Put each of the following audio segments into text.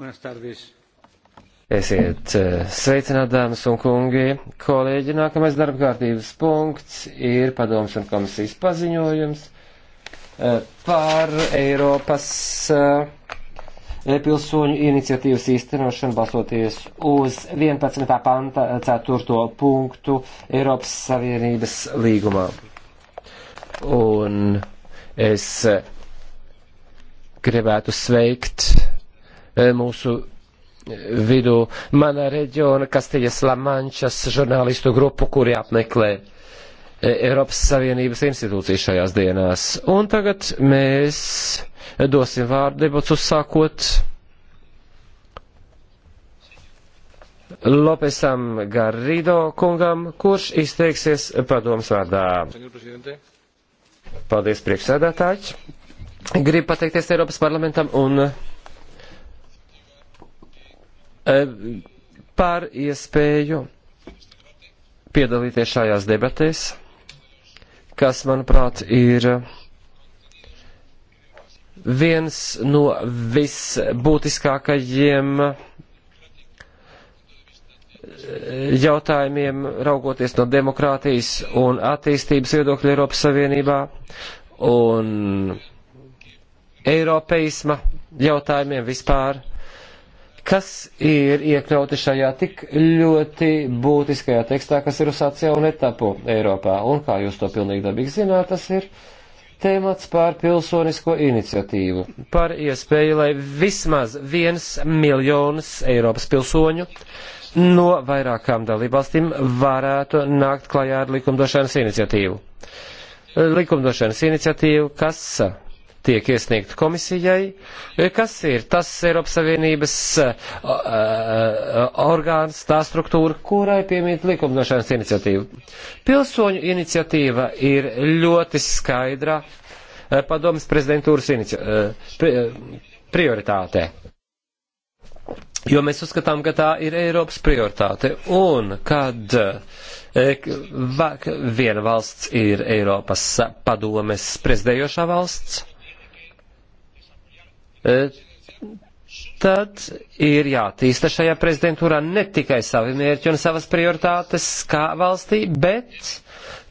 Buenas tardes. Esiet eh, sveicināti, dāmas un kungi, kolēģi. Nākamais darbkārtības punkts ir padoms un komisijas paziņojums eh, par Eiropas eh, pilsoņu iniciatīvas īstenošanu balstoties uz 11. panta 4. punktu Eiropas Savienības līgumā. Un es gribētu sveikt E, mūsu e, vidū mana reģiona Kastiļas Lamančas žurnālistu grupu, kuri apmeklē e, Eiropas Savienības institūcijas šajās dienās. Un tagad mēs dosim vārdu debats uzsākot Lopesam Garrido kungam, kurš izteiksies padoms vārdā. Paldies, priekšsēdētāji. Gribu pateikties Eiropas parlamentam un par iespēju piedalīties šajās debatēs, kas, manuprāt, ir viens no visbūtiskākajiem eh, jautājumiem, raugoties no demokrātijas un attīstības viedokļa Eiropas Savienībā un eiropeisma jautājumiem vispār kas ir iekļauti šajā tik ļoti būtiskajā tekstā, kas ir uzsācis jaunu etapu Eiropā. Un kā jūs to pilnīgi dabīgi zināt, tas ir tēmats pār pilsonisko iniciatīvu, par iespēju, lai vismaz viens miljonus Eiropas pilsoņu no vairākām dalībvalstīm varētu nākt klajā ar likumdošanas iniciatīvu. Likumdošanas iniciatīvu, kas tiek iesniegta komisijai, e, kas ir tas Eiropas Savienības e, e, orgāns, tā struktūra, kurai piemīt likumdošanas iniciatīva. Pilsoņu iniciatīva ir ļoti skaidra padomas prezidentūras prioritātē. Jo mēs uzskatām, ka tā ir Eiropas prioritāte. Un kad viena valsts ir Eiropas padomes prezidējošā valsts, E, tad ir jātīsta šajā prezidentūrā ne tikai savi mērķi un savas prioritātes kā valstī, bet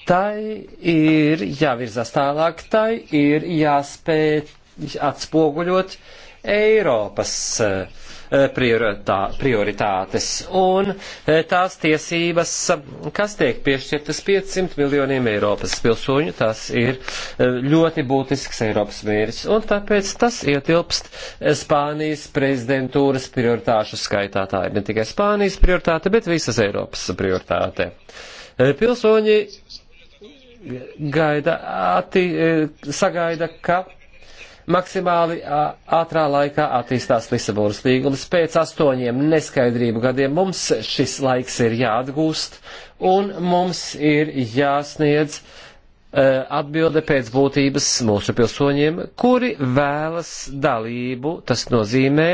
tai ir jāvirzās tālāk, tai ir jāspēj atspoguļot Eiropas uh, Eh, prioritā, prioritātes un eh, tās tiesības, eh, kas tiek piešķirtas 500 miljoniem Eiropas pilsoņu, tas ir ļoti būtisks Eiropas mērķis, un tāpēc tas ietilpst Spānijas prezidentūras prioritāšu skaitā. Tā ir ne tikai Spānijas prioritāte, bet visas Eiropas prioritāte. Pilsoņi gaida, atti, sagaida, ka Maksimāli ātrā laikā attīstās Lisabonas līgums. Pēc astoņiem neskaidrību gadiem mums šis laiks ir jāatgūst un mums ir jāsniedz uh, atbilde pēc būtības mūsu pilsoņiem, kuri vēlas dalību, tas nozīmē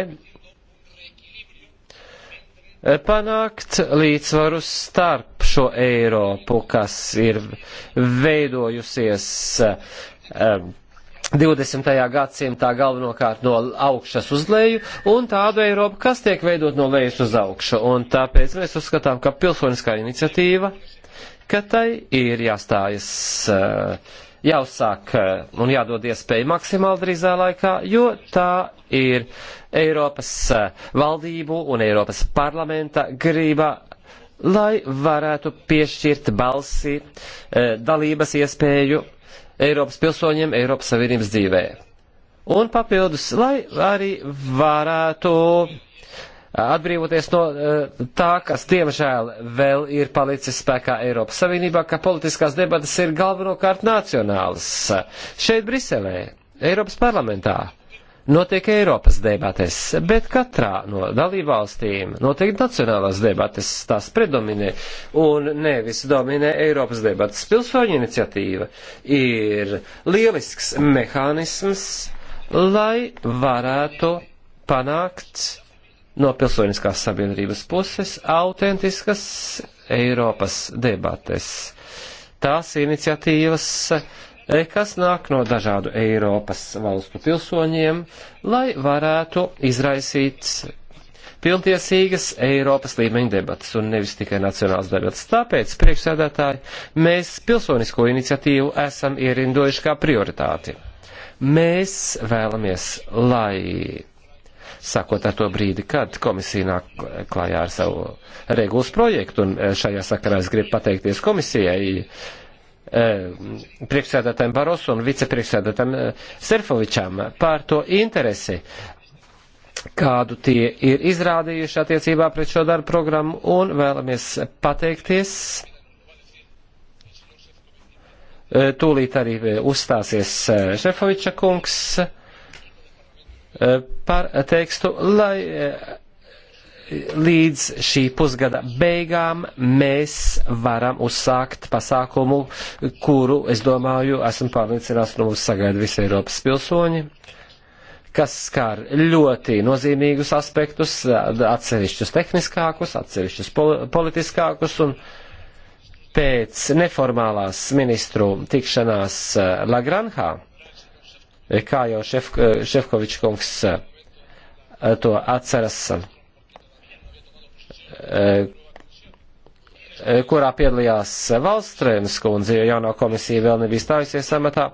panākt līdzsvaru starp šo Eiropu, kas ir veidojusies um, 20. gadsimtā galvenokārt no augšas uz leju un tādu Eiropu, kas tiek veidot no lejas uz augšu. Un tāpēc mēs uzskatām, ka pilsoniskā iniciatīva, ka tai ir jāstājas, eh, jāuzsāk eh, un jādod iespēju maksimāli drīzā laikā, jo tā ir Eiropas eh, valdību un Eiropas parlamenta grība lai varētu piešķirt balsi, dalības iespēju Eiropas pilsoņiem Eiropas Savienības dzīvē. Un papildus, lai arī varētu eh, atbrīvoties no eh, tā, kas diemžēl vēl ir palicis spēkā Eiropas Savienībā, ka politiskās debatas ir galvenokārt nacionālas. Šeit Briselē, Eiropas parlamentā notiek Eiropas debates, bet katrā no dalībvalstīm notiek nacionālās debates, tās predominē un nevis dominē Eiropas debates. Pilsoņu iniciatīva ir lielisks mehānisms, lai varētu panākt no pilsoniskās sabiedrības puses autentiskas Eiropas debates. Tās iniciatīvas uh, E, kas nāk no dažādu Eiropas valstu pilsoņiem, lai varētu izraisīt pilntiesīgas Eiropas līmeņa debatas un nevis tikai nacionāls debatas. Tāpēc, priekšsēdētāji, mēs pilsonisko iniciatīvu esam ierindojuši kā prioritāti. Mēs vēlamies, lai, sakot ar to brīdi, kad komisija nāk klājā ar savu regulas projektu, un e, šajā sakarā es gribu pateikties komisijai, Eh, priekšsēdētājiem Barosu un vicepriekšsēdētājiem eh, Serfovičam par to interesi, kādu tie ir izrādījuši attiecībā pret šo darbu programmu un vēlamies pateikties. Eh, tūlīt arī uzstāsies Šefoviča kungs par tekstu, lai līdz šī pusgada beigām mēs varam uzsākt pasākumu, kuru, es domāju, esam pārliecināts, no mums sagaida visi Eiropas pilsoņi kas skar ļoti nozīmīgus aspektus, atsevišķus tehniskākus, atsevišķus politiskākus, un pēc neformālās ministru tikšanās eh, Lagranhā, eh, kā jau eh, Šefkovičs kungs to atceras, Eh, kurā piedalījās Valstrēmas kundze, jo jaunā komisija vēl nebija stājusies amatā,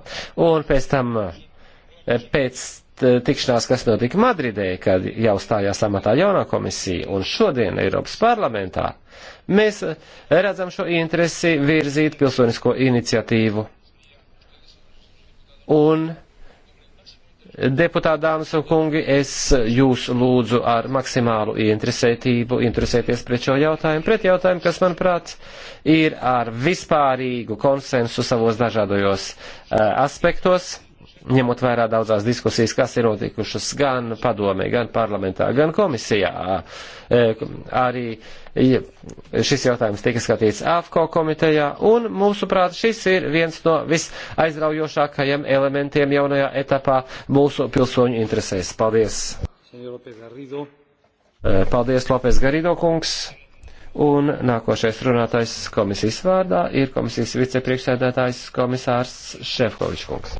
un pēc tam, eh, pēc tikšanās, kas notika Madridē, kad jau stājās amatā jaunā komisija, un šodien Eiropas parlamentā, mēs eh, redzam šo interesi virzīt pilsonisko iniciatīvu. Un Deputāti, dāmas un kungi, es jūs lūdzu ar maksimālu interesētību interesēties pret šo jautājumu, pret jautājumu, kas, manuprāt, ir ar vispārīgu konsensu savos dažādajos uh, aspektos ņemot vērā daudzās diskusijas, kas ir notikušas gan padomē, gan parlamentā, gan komisijā. E, arī šis jautājums tika skatīts AFCO komitejā, un mūsuprāt šis ir viens no visaizraujošākajiem elementiem jaunajā etapā mūsu pilsoņu interesēs. Paldies! E, paldies, Lopes Garido kungs! Un nākošais runātājs komisijas vārdā ir komisijas vicepriekšsēdētājs komisārs Šefkovičs kungs.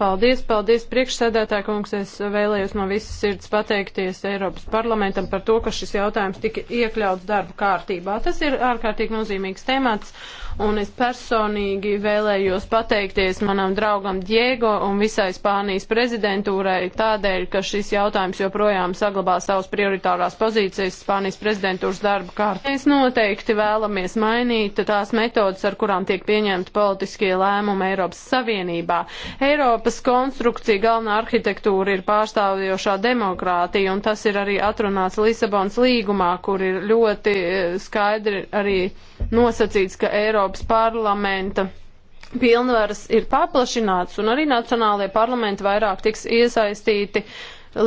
Paldies, paldies priekšsēdētāja kungs. Es vēlējos no visas sirds pateikties Eiropas parlamentam par to, ka šis jautājums tika iekļauts darba kārtībā. Tas ir ārkārtīgi nozīmīgs temats un es personīgi vēlējos pateikties manam draugam Diego un visai Spānijas prezidentūrai tādēļ, ka šis jautājums joprojām saglabā savas prioritārās pozīcijas Spānijas prezidentūras darba kārtā. Mēs noteikti vēlamies mainīt tās metodas, ar kurām tiek pieņemti politiskie lēmumi Eiropas Savienībā. Eiropas konstrukcija galvenā arhitektūra ir pārstāvjošā demokrātija, un tas ir arī atrunāts Lisabonas līgumā, kur ir ļoti eh, skaidri arī nosacīts, ka Eiropas parlamenta pilnvaras ir paplašināts un arī nacionālajie parlamenti vairāk tiks iesaistīti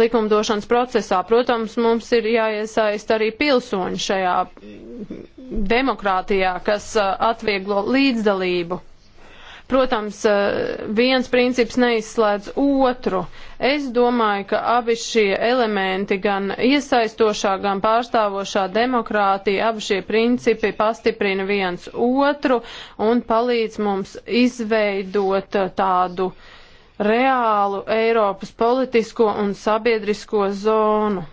likumdošanas procesā. Protams, mums ir jāiesaist arī pilsoņi šajā demokrātijā, kas uh, atvieglo līdzdalību. Protams, eh, viens princips neizslēdz otru. Es domāju, ka abi šie elementi, gan iesaistošā, gan pārstāvošā demokrātija, abi šie principi pastiprina viens otru un palīdz mums izveidot eh, tādu reālu Eiropas politisko un sabiedrisko zonu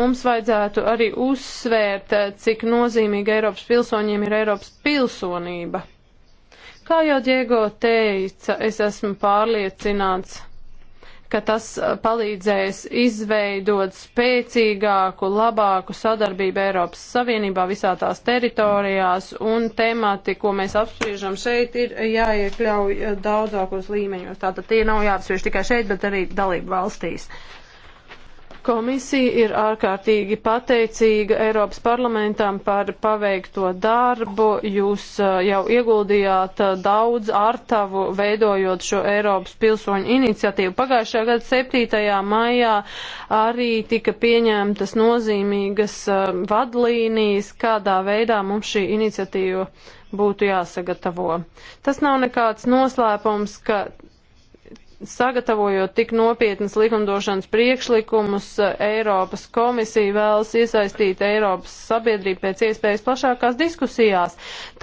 mums vajadzētu arī uzsvērt, eh, cik nozīmīga Eiropas pilsoņiem ir Eiropas pilsonība. Kā jau Diego teica, es esmu pārliecināts, ka tas uh, palīdzēs izveidot spēcīgāku, labāku sadarbību Eiropas Savienībā visā tās teritorijās, un temati, ko mēs apspriežam šeit, ir jāiekļauj uh, daudzākos līmeņos. Tātad tie nav jāapspriež tikai šeit, bet arī dalību valstīs. Uh, Komisija ir ārkārtīgi pateicīga Eiropas parlamentam par paveikto darbu. Jūs uh, jau ieguldījāt uh, daudz artavu, veidojot šo Eiropas pilsoņu iniciatīvu. Pagājušā gada 7. maijā arī tika pieņemtas nozīmīgas uh, vadlīnijas, kādā veidā mums šī iniciatīva būtu jāsagatavo. Tas nav nekāds noslēpums, ka Sagatavojot tik nopietnas likumdošanas priekšlikumus, Eiropas komisija vēlas iesaistīt Eiropas sabiedrību pēc iespējas plašākās diskusijās.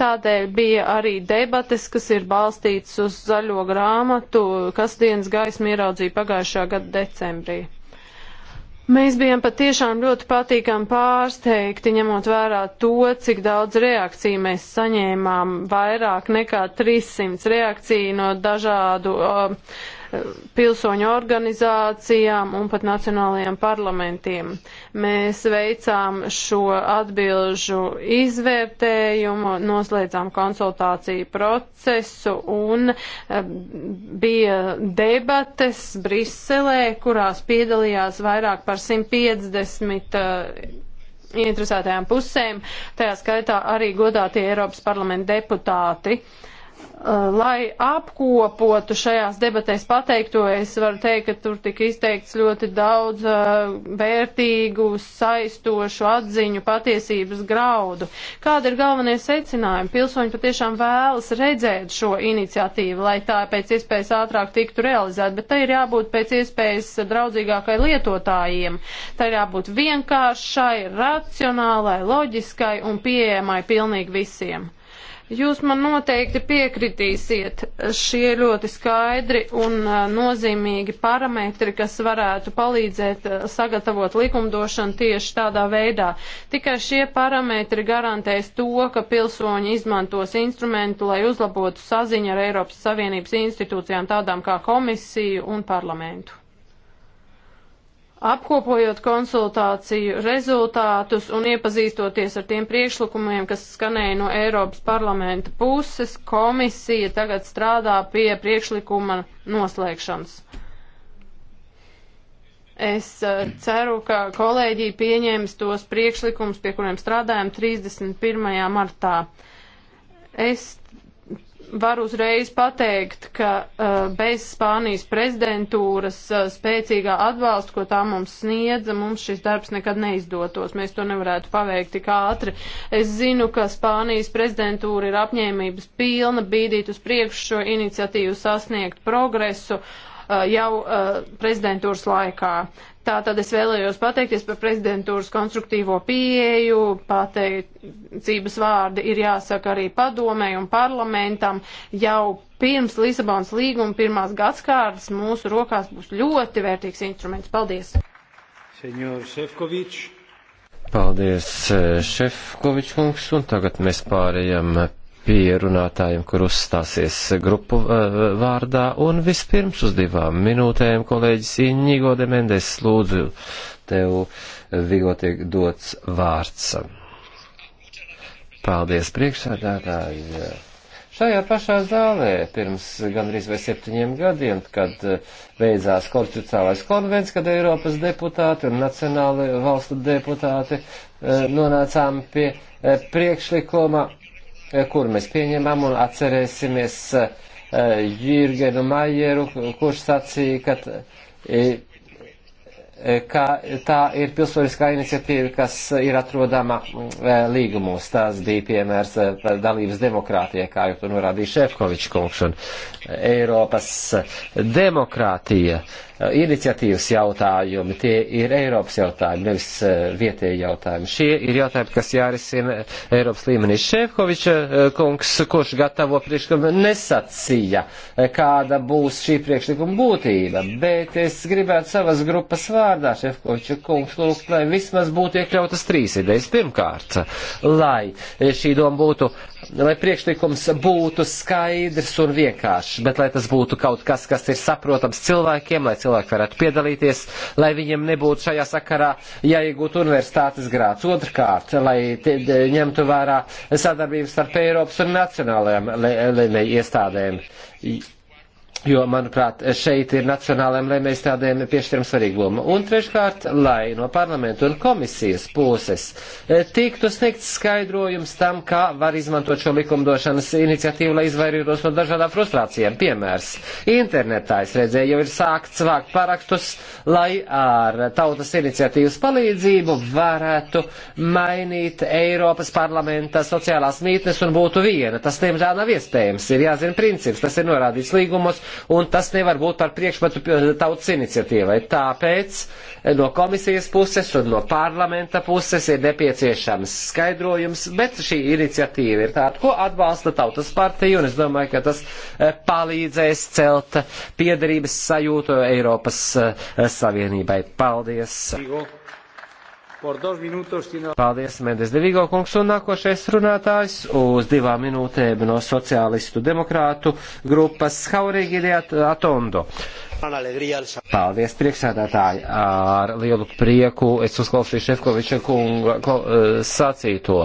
Tādēļ bija arī debates, kas ir balstīts uz zaļo grāmatu, kas dienas gaismu ieraudzīja pagājušā gada decembrī. Mēs bijām patiešām ļoti patīkami pārsteigti, ņemot vērā to, cik daudz reakciju mēs saņēmām, vairāk nekā 300 reakciju no dažādu uh, pilsoņu organizācijām un pat nacionālajiem parlamentiem. Mēs veicām šo atbilžu izvērtējumu, noslēdzām konsultāciju procesu un eh, bija debates Briselē, kurās piedalījās vairāk par 150 ieinteresētajām eh, pusēm, tajā skaitā arī godātie Eiropas parlamenta deputāti. Uh, Uh, lai apkopotu šajās debatēs pateikto, es varu teikt, ka tur tika izteikts ļoti daudz uh, vērtīgu, saistošu atziņu, patiesības graudu. Kāda ir galvenie secinājumi? Pilsoņi patiešām vēlas redzēt šo iniciatīvu, lai tā pēc iespējas ātrāk tiktu realizēta, bet tai ir jābūt pēc iespējas draudzīgākai lietotājiem. Tai ir jābūt vienkāršai, racionālai, loģiskai un pieejamai pilnīgi visiem. Jūs man noteikti piekritīsiet, šie ļoti skaidri un nozīmīgi parametri, kas varētu palīdzēt sagatavot likumdošanu tieši tādā veidā. Tikai šie parametri garantēs to, ka pilsoņi izmantos instrumentu, lai uzlabotu saziņu ar Eiropas Savienības institūcijām tādām kā komisiju un parlamentu. Apkopojot konsultāciju rezultātus un iepazīstoties ar tiem priekšlikumiem, kas skanēja no Eiropas parlamenta puses, komisija tagad strādā pie priekšlikuma noslēgšanas. Es uh, ceru, ka kolēģija pieņēmis tos priekšlikumus, pie kuriem strādājam 31. martā. Es var uzreiz pateikt, ka uh, bez Spānijas prezidentūras uh, spēcīgā atbalsta, ko tā mums sniedza, mums šis darbs nekad neizdotos. Mēs to nevarētu paveikt tik ātri. Es zinu, ka Spānijas prezidentūra ir apņēmības pilna bīdīt uz priekšu šo iniciatīvu sasniegt progresu. Uh, jau uh, prezidentūras laikā. Tā tad es vēlējos pateikties par prezidentūras konstruktīvo pieeju, pateicības vārdi ir jāsaka arī padomēji un parlamentam. Jau pirms Lisabonas līguma pirmās gadskārtas mūsu rokās būs ļoti vērtīgs instruments. Paldies! Senjor Šefkovičs. Paldies, eh, Šefkovičs kungs, un tagad mēs pārējām pie runātājiem, kur uzstāsies grupu eh, vārdā, un vispirms uz divām minūtēm kolēģis Iņigo Demendes lūdzu tev eh, Vigo tiek dots vārds. Paldies priekšsēdētāji. Šajā pašā zālē pirms gandrīz vai septiņiem gadiem, kad eh, beidzās konstitucionālais konvents, kad Eiropas deputāti un nacionāli valstu deputāti nonācām pie priekšlikuma Eh, kuru mēs pieņemam un atcerēsimies eh, Jürgenu Maieru, kurš sacīja, ka, eh, ka tā ir pilsoniskā iniciatīva, kas ir atrodama līgumos. Tās bija piemērs par dalības demokrātijai, kā jau to norādīja Šefkovičs kungs un Eiropas demokrātija. Uh, Eh, iniciatīvas jautājumi, tie ir Eiropas jautājumi, nevis eh, vietēji jautājumi. Šie ir jautājumi, kas jārisina Eiropas līmenī. Šefkoviča eh, kungs, kurš gatavo priekšlikumu, nesacīja, kāda būs šī priekšlikuma būtība, bet es gribētu savas grupas vārdā Šefkoviča kungs lūgt, lai vismaz būtu iekļautas trīs idejas. Pirmkārt, lai šī doma būtu lai priekšlikums būtu skaidrs un vienkāršs, bet lai tas būtu kaut kas, kas ir saprotams cilvēkiem, lai cilvēki varētu piedalīties, lai viņiem nebūtu šajā sakarā jāiegūt universitātes grāts. Otrkārt, lai te, ņemtu vērā sadarbības starp Eiropas un nacionālajām iestādēm. Jo, manuprāt, šeit ir nacionālajiem lēmējstādēm piešķiram svarīgu lomu. Un treškārt, lai no parlamentu un komisijas puses e, tiktu sniegts skaidrojums tam, kā var izmantot šo likumdošanas iniciatīvu, lai izvairītos no dažādām frustrācijām. Piemērs, internetā es redzēju, jau ir sākts vākt parakstus, lai ar tautas iniciatīvas palīdzību varētu mainīt Eiropas parlamenta sociālās mītnes un būtu viena. Tas, diemžēl, nav iespējams. Ir jāzina princips, tas ir norādīts līgumos ietvaros, un tas nevar būt par priekšmetu tautas iniciatīvai. Tāpēc eh, no komisijas puses un no parlamenta puses ir nepieciešams skaidrojums, bet šī iniciatīva ir tāda, ko atbalsta tautas partija, un es domāju, ka tas eh, palīdzēs celt piederības sajūtu Eiropas eh, Savienībai. Paldies! Paldies! Paldies, Mendes Devīgo kungs un nākošais runātājs uz divām minūtēm no sociālistu demokrātu grupas Haurīgiri Atondo. Paldies, priekšsēdētāji, ar lielu prieku es uzklausīju Šefkoviča kunga ko, eh, sacīto.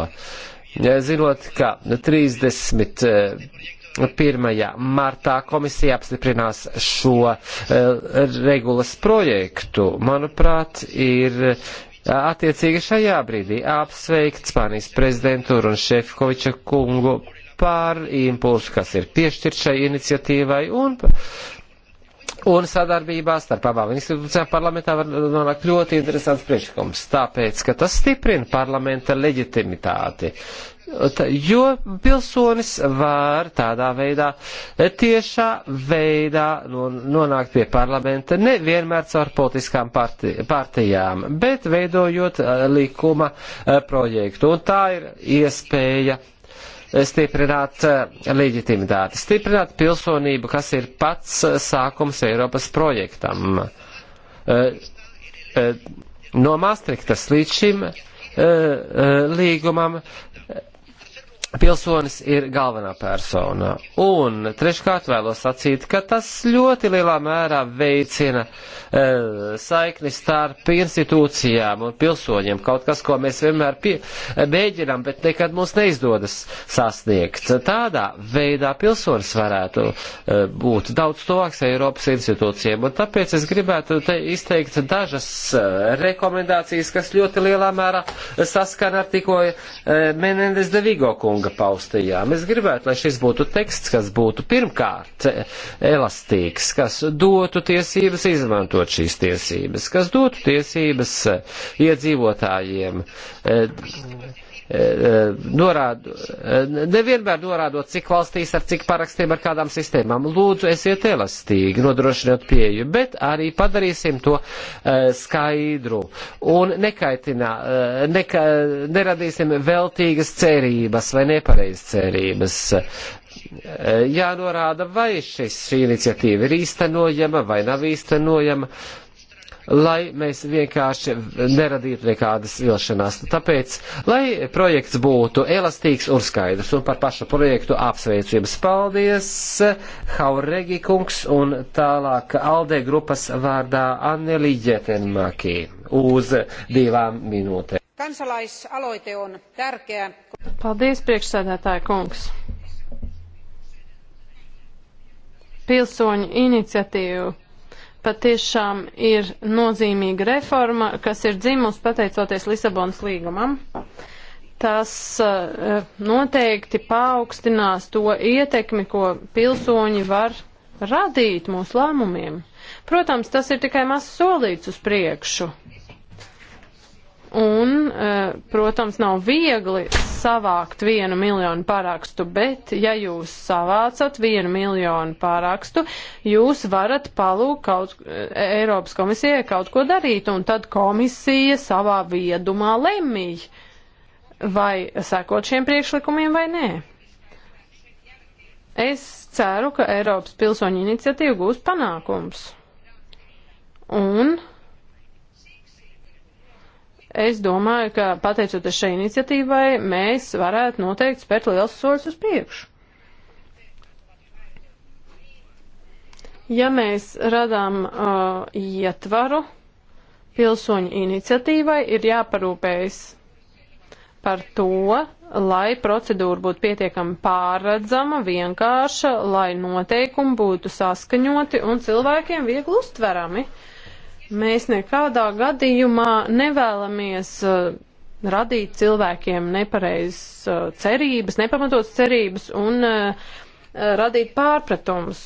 Zinot, ka 30. 1. Eh, martā komisija apstiprinās šo eh, regulas projektu. Manuprāt, ir Attiecīgi šajā brīdī apsveikt Spānijas prezidentūru un Šefkoviča kungu par impulsu, kas ir piešķirt šai iniciatīvai un Un sadarbībā starp abām institūcijām parlamentā var nonākt ļoti interesants priekšlikums, tāpēc, ka tas stiprina parlamenta leģitimitāti. Jo pilsonis var tādā veidā, tiešā veidā nonākt pie parlamenta, nevienmēr caur politiskām partijām, bet veidojot eh, likuma eh, projektu. Un tā ir iespēja stiprināt eh, leģitimitāti, stiprināt pilsonību, kas ir pats eh, sākums Eiropas projektam. Eh, no Maastrichtas līdz šim līgumam pilsonis ir galvenā persona. Un treškārt vēlos sacīt, ka tas ļoti lielā mērā veicina e, saikni starp institūcijām un pilsoņiem. Kaut kas, ko mēs vienmēr pie, mēģinām, bet nekad mums neizdodas sasniegt. Tādā veidā pilsonis varētu e, būt daudz tuvāks Eiropas institūcijiem. Un tāpēc es gribētu te izteikt dažas e, rekomendācijas, kas ļoti lielā mērā saskana ar tikko e, Menendes de Vigo kungu kunga paustajām. Es gribētu, lai šis būtu teksts, kas būtu pirmkārt eh, elastīgs, kas dotu tiesības izmantot šīs tiesības, kas dotu tiesības eh, iedzīvotājiem eh, Eh, eh, norādu, eh, nevienmēr norādot, cik valstīs ar cik parakstiem ar kādām sistēmām. Lūdzu, esiet elastīgi, nodrošinot pieju, bet arī padarīsim to skaidru un nekaitinā, neka, neradīsim veltīgas cerības vai nepareizas cerības jānorāda, vai šis, šī iniciatīva ir īstenojama vai nav īstenojama lai mēs vienkārši neradītu nekādas vilšanās. Tāpēc, lai projekts būtu elastīgs un skaidrs, un par pašu projektu apsveicu jums paldies, Hauregi kungs un tālāk Aldē grupas vārdā Anneli Jetenmaki uz divām minūtēm. Kansalaisaloite on tärkeä. Paldies, priekšsēdētāja kungs. Pilsoņu iniciatīvu patiešām ir nozīmīga reforma, kas ir dzimusi pateicoties Lisabonas līgumam. Tas eh, noteikti paaugstinās to ietekmi, ko pilsoņi var radīt mūsu lēmumiem. Protams, tas ir tikai mazs solīts uz priekšu. Un, e, protams, nav viegli savākt vienu miljonu parakstu, bet ja jūs savācat vienu miljonu parakstu, jūs varat palūkt kaut, e, Eiropas komisijai kaut ko darīt, un tad komisija savā viedumā lemj, vai sekot šiem priekšlikumiem vai nē. Es ceru, ka Eiropas pilsoņu iniciatīva gūs panākums. Un Es domāju, ka pateicoties šai iniciatīvai, mēs varētu noteikti spērt liels soļus uz priekšu. Ja mēs radām uh, ietvaru pilsoņu iniciatīvai, ir jāparūpējas par to, lai procedūra būtu pietiekami pārredzama, vienkārša, lai noteikumi būtu saskaņoti un cilvēkiem viegli uztverami. Uh, Mēs nekādā gadījumā nevēlamies uh, radīt cilvēkiem nepareizas uh, cerības, nepamatotas cerības un uh, uh, radīt pārpratumus.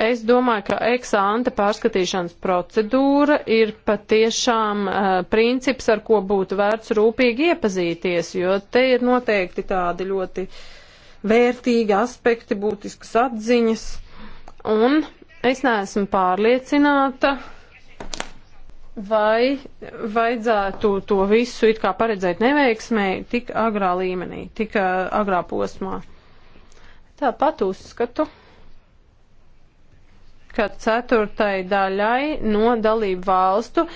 Es domāju, ka eksāmena pārskatīšanas procedūra ir patiešām uh, princips, ar ko būtu vērts rūpīgi iepazīties, jo te ir noteikti tādi ļoti vērtīgi aspekti, būtiskas atziņas. Un Es neesmu pārliecināta, vai vajadzētu to visu it kā paredzēt neveiksmēji tik agrā līmenī, tik agrā posmā. Tāpat uzskatu, ka ceturtai daļai no dalību valstu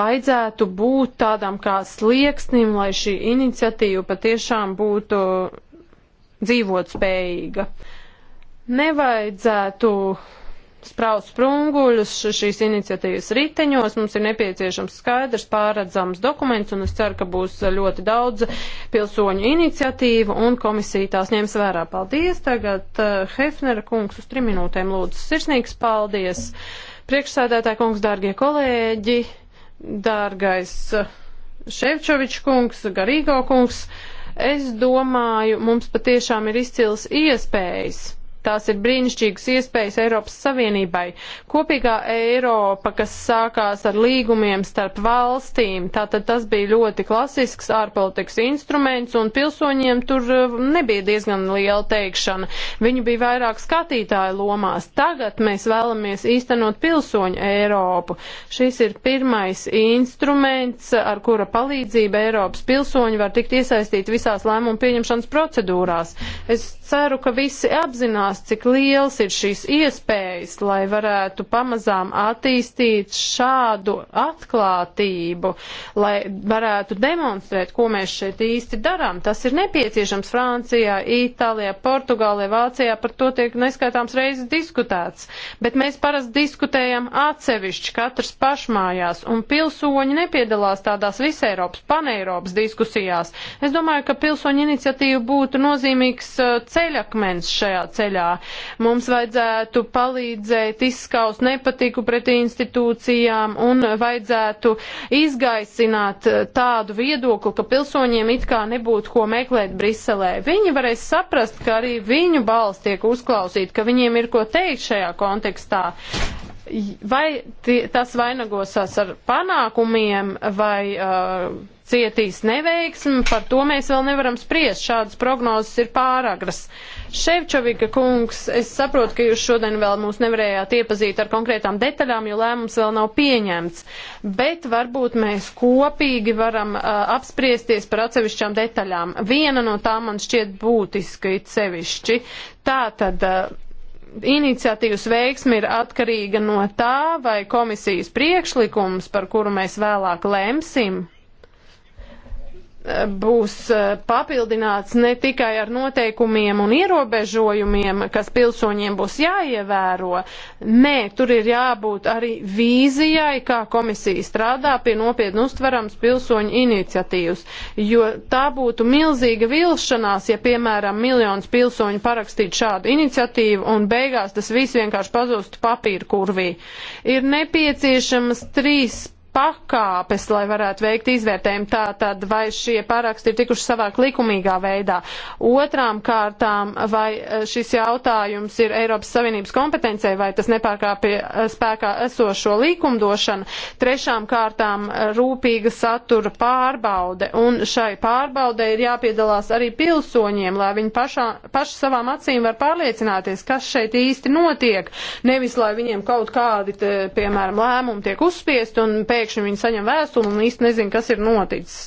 vajadzētu būt tādam kā slieksnim, lai šī iniciatīva patiešām būtu dzīvot spējīga. Nevajadzētu uh, spraus sprunguļus šīs iniciatīvas riteņos. Mums ir nepieciešams skaidrs, pārredzams dokuments, un es ceru, ka būs ļoti daudz pilsoņu iniciatīvu, un komisija tās ņems vērā. Paldies! Tagad uh, Hefnera kungs uz trim minūtēm lūdzu sirsnīgs paldies! Priekšsēdētāji kungs, dārgie kolēģi, dārgais eh, Ševčovičs kungs, Garīgo kungs, es domāju, mums patiešām ir izcils iespējas Tās ir brīnišķīgas iespējas Eiropas Savienībai. Kopīgā Eiropa, kas sākās ar līgumiem starp valstīm, tātad tas bija ļoti klasisks ārpolitikas instruments, un pilsoņiem tur eh, nebija diezgan liela teikšana. Viņi bija vairāk skatītāju lomās. Tagad mēs vēlamies īstenot pilsoņu Eiropu. Šis ir pirmais instruments, ar kura palīdzību Eiropas pilsoņi var tikt iesaistīti visās lēmumu pieņemšanas procedūrās. Es ceru, ka visi apzinās, jāapzinās, cik liels ir šīs iespējas, lai varētu pamazām attīstīt šādu atklātību, lai varētu demonstrēt, ko mēs šeit īsti darām. Tas ir nepieciešams Francijā, Itālijā, Portugālē, Vācijā, par to tiek neskaitāms reizes diskutēts. Bet mēs parasti diskutējam atsevišķi, katrs pašmājās, un pilsoņi nepiedalās tādās visēropas, paneiropas diskusijās. Es domāju, ka pilsoņu iniciatīva būtu nozīmīgs eh, ceļakmens šajā ceļā vaļā. Mums vajadzētu palīdzēt izskaust nepatiku pret institūcijām un vajadzētu izgaisināt eh, tādu viedokli, ka pilsoņiem it kā nebūtu ko meklēt Briselē. Viņi varēs saprast, ka arī viņu balss tiek uzklausīt, ka viņiem ir ko teikt šajā kontekstā vai tie, tas vainagosās ar panākumiem vai uh, cietīs neveiksmi, par to mēs vēl nevaram spriest. Šādas prognozes ir pāragras. Ševčovika kungs, es saprotu, ka jūs šodien vēl mūs nevarējāt iepazīt ar konkrētām detaļām, jo lēmums vēl nav pieņemts, bet varbūt mēs kopīgi varam uh, apspriesties par atsevišķām detaļām. Viena no tām man šķiet būtiska it sevišķi. Tā tad. Uh, iniciatīvas veiksmi ir atkarīga no tā, vai komisijas priekšlikums, par kuru mēs vēlāk lemsim, būs eh, papildināts ne tikai ar noteikumiem un ierobežojumiem, kas pilsoņiem būs jāievēro. Nē, tur ir jābūt arī vīzijai, kā komisija strādā pie nopietni uztverams pilsoņu iniciatīvas, jo tā būtu milzīga vilšanās, ja, piemēram, miljons pilsoņu parakstītu šādu iniciatīvu un beigās tas viss vienkārši pazustu papīra kurvī. Ir nepieciešamas trīs pakāpes, lai varētu veikt izvērtējumu tā tad, vai šie paraksti ir tikuši savāk likumīgā veidā. Otrām kārtām, vai e, šis jautājums ir Eiropas Savienības kompetencija, vai tas nepārkāpja e, spēkā esošo likumdošanu. Trešām kārtām e, rūpīga satura pārbaude, un šai pārbaudē ir jāpiedalās arī pilsoņiem, lai viņi pašā, paši savām acīm var pārliecināties, kas šeit īsti notiek, nevis lai viņiem kaut kādi, te, piemēram, lēmumi tiek uzspiest un pēc pēkšņi viņi saņem vēstuli un īsti nezin, kas ir noticis.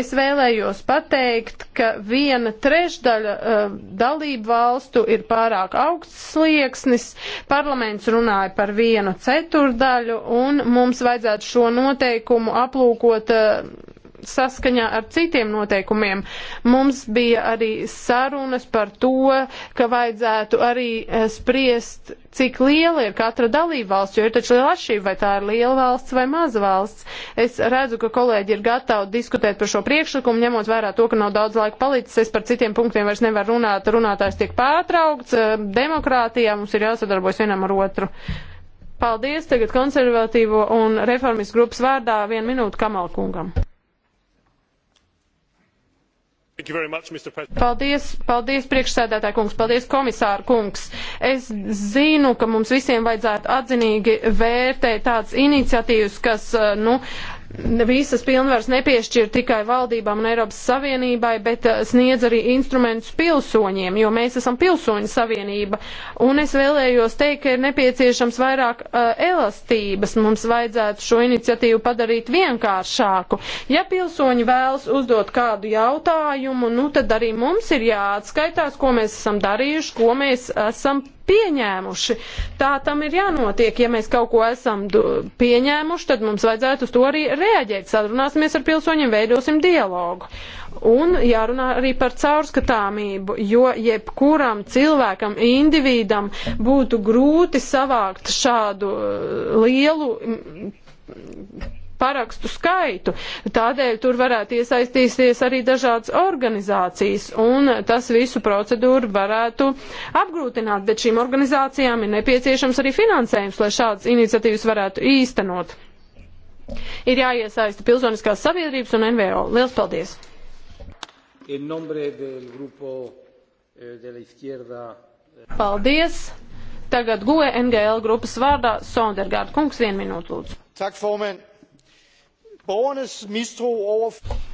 Es vēlējos pateikt, ka viena trešdaļa uh, dalību valstu ir pārāk augsts slieksnis, parlaments runāja par vienu ceturdaļu, un mums vajadzētu šo noteikumu aplūkot uh, saskaņā ar citiem noteikumiem. Mums bija arī sarunas par to, ka vajadzētu arī eh, spriest, cik liela ir katra dalībvalsts, jo ir taču liela atšķirība, vai tā ir liela valsts vai maza valsts. Es redzu, ka kolēģi ir gatavi diskutēt par šo priekšlikumu, ņemot vērā to, ka nav daudz laika palicis. Es par citiem punktiem vairs nevaru runāt. Runātājs tiek pārtraukts. Eh, demokrātijā mums ir jāsadarbojas vienam ar otru. Paldies tagad konservatīvo un reformistu grupas vārdā vienu minūtu Kamalkungam. Paldies, paldies priekšsēdētāja kungs, paldies komisāra kungs. Es zinu, ka mums visiem vajadzētu atzinīgi vērtēt tādas iniciatīvas, kas, eh, nu, uh, visas pilnvaras nepiešķir tikai valdībām un Eiropas Savienībai, bet eh, sniedz arī instrumentus pilsoņiem, jo mēs esam pilsoņu savienība. Un es vēlējos teikt, ka ir nepieciešams vairāk uh, elastības. Mums vajadzētu šo iniciatīvu padarīt vienkāršāku. Ja pilsoņi vēlas uzdot kādu jautājumu, nu tad arī mums ir jāatskaitās, ko mēs esam darījuši, ko mēs esam pieņēmuši. Tā tam ir jānotiek. Ja mēs kaut ko esam pieņēmuši, tad mums vajadzētu uz to arī reaģēt. Sadrunāsimies ar pilsoņiem, veidosim dialogu. Un jārunā arī par caurskatāmību, jo jebkuram cilvēkam, individam būtu grūti savākt šādu uh, lielu parakstu skaitu. Tādēļ tur varētu iesaistīties arī dažādas organizācijas, un tas visu procedūru varētu apgrūtināt, bet šīm organizācijām ir nepieciešams arī finansējums, lai šādas iniciatīvas varētu īstenot. Ir jāiesaista pilsoniskās sabiedrības un NVO. Lielas paldies! Eh, eh, paldies! Tagad GUE NGL grupas vārdā Sondergārda kungs vienu minūtu lūdzu. Tak, formen.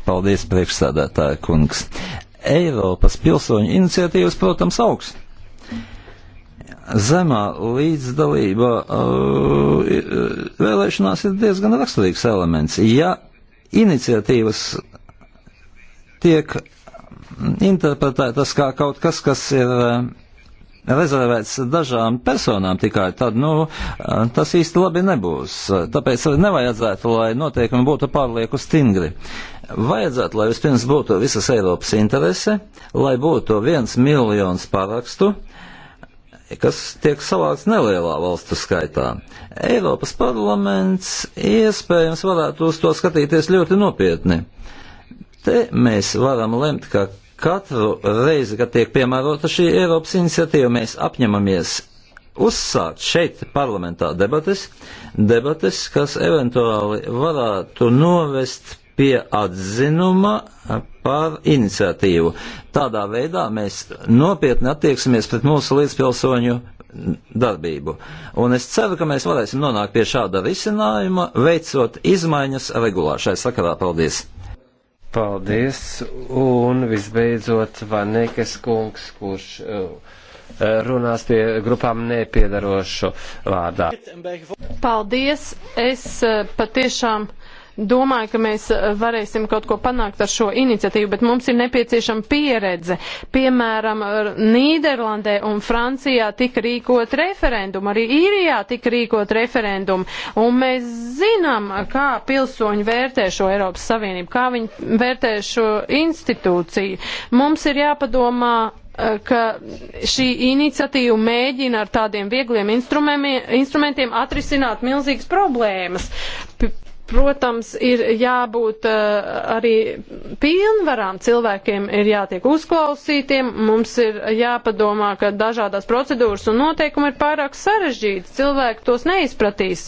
Paldies, priekšsādātāja kungs. Eiropas pilsoņu iniciatīvas, protams, augs. Zemā līdzdalība uh, vēlēšanās ir diezgan raksturīgs elements. Ja iniciatīvas tiek interpretētas kā kaut kas, kas ir uh, rezervēts dažām personām tikai, tad, nu, eh, tas īsti labi nebūs. Tāpēc nevajadzētu, lai noteikumi būtu pārlieku stingri. Vajadzētu, lai vispirms būtu visas Eiropas interese, lai būtu viens miljons parakstu, kas tiek savāks nelielā valstu skaitā. Eiropas parlaments iespējams varētu uz to skatīties ļoti nopietni. Te mēs varam lemt, ka Katru reizi, kad tiek piemērota šī Eiropas iniciatīva, mēs apņemamies uzsākt šeit parlamentā debates, debates, kas eventuāli varētu novest pie atzinuma par iniciatīvu. Tādā veidā mēs nopietni attieksimies pret mūsu līdzpilsoņu darbību. Un es ceru, ka mēs varēsim nonākt pie šāda risinājuma, veicot izmaiņas regulā šai sakarā. Paldies! Paldies, un visbeidzot Vanekes kungs, kurš eh, runās pie grupām nepiedarošu vārdā. Paldies, es eh, patiešām domāju, ka mēs eh, varēsim kaut ko panākt ar šo iniciatīvu, bet mums ir nepieciešama pieredze. Piemēram, Nīderlandē un Francijā tika rīkot referendumu, arī Īrijā tika rīkot referendumu, un mēs zinām, kā pilsoņi vērtē šo Eiropas Savienību, kā viņi vērtē šo institūciju. Mums ir jāpadomā eh, ka šī iniciatīva mēģina ar tādiem viegliem instrumentiem atrisināt milzīgas problēmas. P Protams, ir jābūt uh, arī pilnvarām cilvēkiem, ir jātiek uzklausītiem, mums ir jāpadomā, ka dažādās procedūras un noteikumi ir pārāk sarežģīti, cilvēki tos neizpratīs.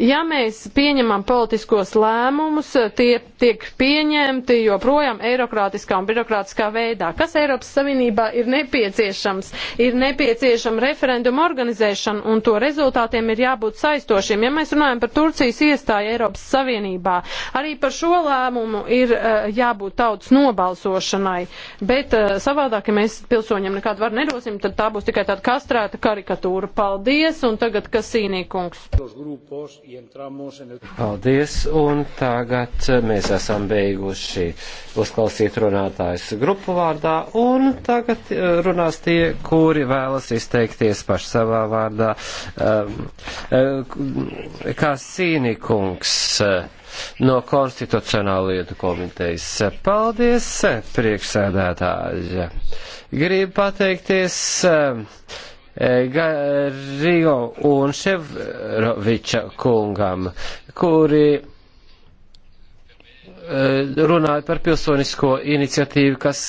Ja mēs pieņemam politiskos lēmumus, tie tiek pieņemti joprojām eirokrātiskā un birokrātiskā veidā. Kas Eiropas Savienībā ir nepieciešams? Ir nepieciešama referenduma organizēšana un to rezultātiem ir jābūt saistošiem. Ja mēs runājam par Turcijas iestāju Eiropas Eiropas Savienībā. Arī par šo lēmumu ir eh, jābūt tautas nobalsošanai, bet eh, savādāk, ja mēs pilsoņiem nekādu varu nedosim, tad tā būs tikai tāda kastrēta karikatūra. Paldies, un tagad Kasīnī kungs. Paldies, un tagad eh, mēs esam beiguši uzklausīt runātājs grupu vārdā, un tagad runās tie, kuri vēlas izteikties paši savā vārdā. Um, Kasīnī kungs no Konstitucionālietu komitejas. Paldies, priekšsēdētāji! Gribu pateikties eh, Rio un Ševroviča kungam, kuri Eh, runāja par pilsonisko iniciatīvu, kas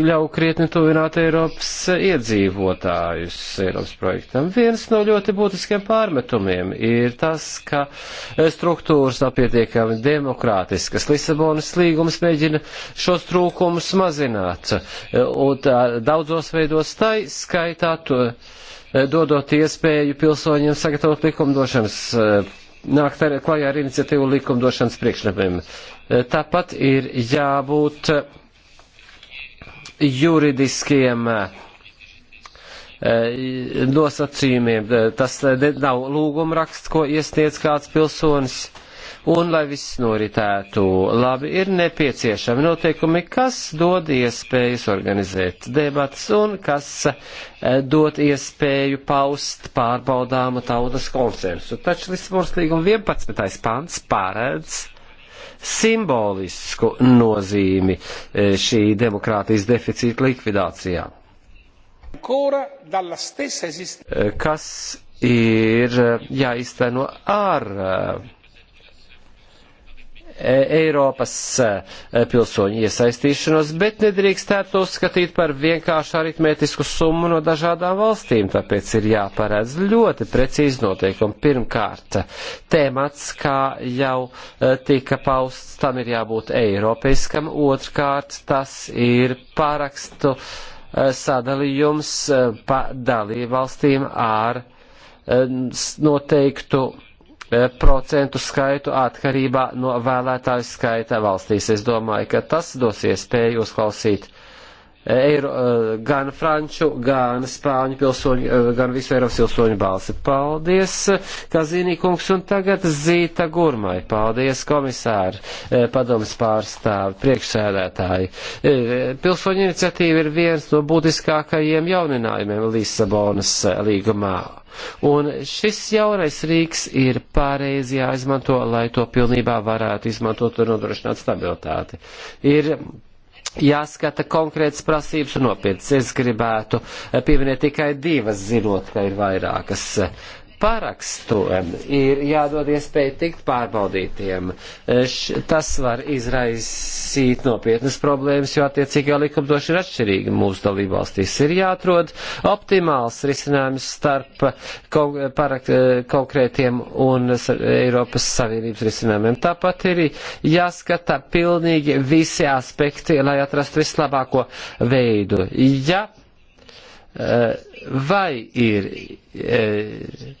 ļauj krietni tuvināt Eiropas iedzīvotājus Eiropas projektam. Viens no ļoti būtiskiem pārmetumiem ir tas, ka eh, struktūras nav pietiekami demokrātiskas. Lisabonas līgums mēģina šos trūkumus mazināt, eh, un tā, daudzos veidos tai skaitā to, dodot iespēju pilsoņiem sagatavot likumdošanas nākt ar, klajā ar iniciatīvu likumdošanas priekšlikumiem. E, tāpat ir jābūt juridiskiem e, nosacījumiem. E, tas nav lūgumraksts, ko iesniedz kāds pilsonis un lai viss noritētu labi, ir nepieciešami noteikumi, kas dod iespējas organizēt debatas un kas eh, dod iespēju paust pārbaudāmu tautas konsensu. Taču Lisbonas līguma 11. pants pārēdz simbolisku nozīmi eh, šī demokrātijas deficīta likvidācijā. Eh, kas ir jāizteno ar E, Eiropas e, e, pilsoņu iesaistīšanos, bet nedrīkstētu to uzskatīt par vienkāršu aritmētisku summu no dažādām valstīm, tāpēc ir jāparedz ļoti precīzi noteikumi. Pirmkārt, temats, kā jau tika pausts, tam ir jābūt eiropeiskam, otrkārt, tas ir pārakstu sadalījums pa dalībvalstīm ar noteiktu E, procentu skaitu atkarībā no vēlētāju skaita valstīs. Es domāju, ka tas dos iespēju uzklausīt Eiro, eh, gan franču, gan spāņu pilsoņu, eh, gan visu Eiropas pilsoņu balsi. Paldies, Kazīnī kungs, un tagad Zīta Gurmai. Paldies, komisāri, eh, padomas pārstāvi, priekšsēdētāji. Pilsoņu iniciatīva ir viens no būtiskākajiem jauninājumiem Lisabonas līgumā. Un šis jaunais rīks ir pareizi jāizmanto, lai to pilnībā varētu izmantot un nodrošināt stabilitāti. Ir jāskata konkrētas prasības un nopietnas. Es gribētu eh, pieminēt tikai divas, zinot, ka ir vairākas. Eh, parakstu ir jādod iespēja tikt pārbaudītiem. E, tas var izraisīt nopietnas problēmas, jo attiecīgā likumdošana ir atšķirīga. Mūsu dalībvalstīs ir jāatrod optimāls risinājums starp parak, e, konkrētiem un Eiropas Savienības risinājumiem. Tāpat ir jāskata pilnīgi visi aspekti, lai atrastu vislabāko veidu. Ja Eh, vai ir eh,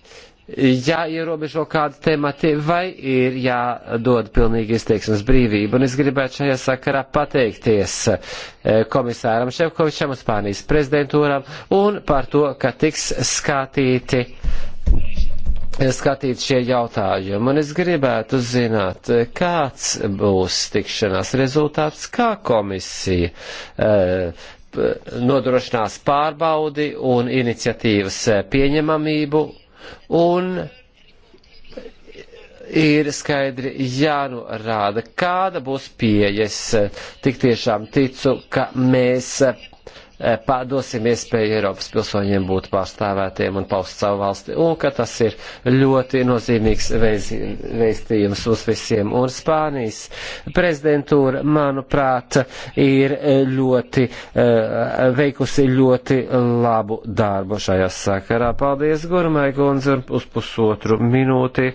jāierobežo kādi temati, vai ir jādod pilnīgi izteiksmes brīvība. Un es gribētu šajā sakarā pateikties eh, komisāram Šefkovičam, Spānijas prezidentūram, un par to, ka tiks skatīti skatīt šie jautājumi, un es gribētu zināt, kāds būs tikšanās rezultāts, kā komisija uh, nodrošinās pārbaudi un iniciatīvas eh, pieņemamību un ir skaidri jānorāda, kāda būs pieejas. Eh, tik tiešām ticu, ka mēs eh, Eh, dosim iespēju Eiropas pilsoņiem būt pārstāvētiem un paust savu valsti, un ka tas ir ļoti nozīmīgs veistījums uz visiem. Un Spānijas prezidentūra, manuprāt, ir ļoti, eh, veikusi ļoti labu darbu šajā sakarā. Paldies, Gurmai Gonzer, uz pusotru minūti.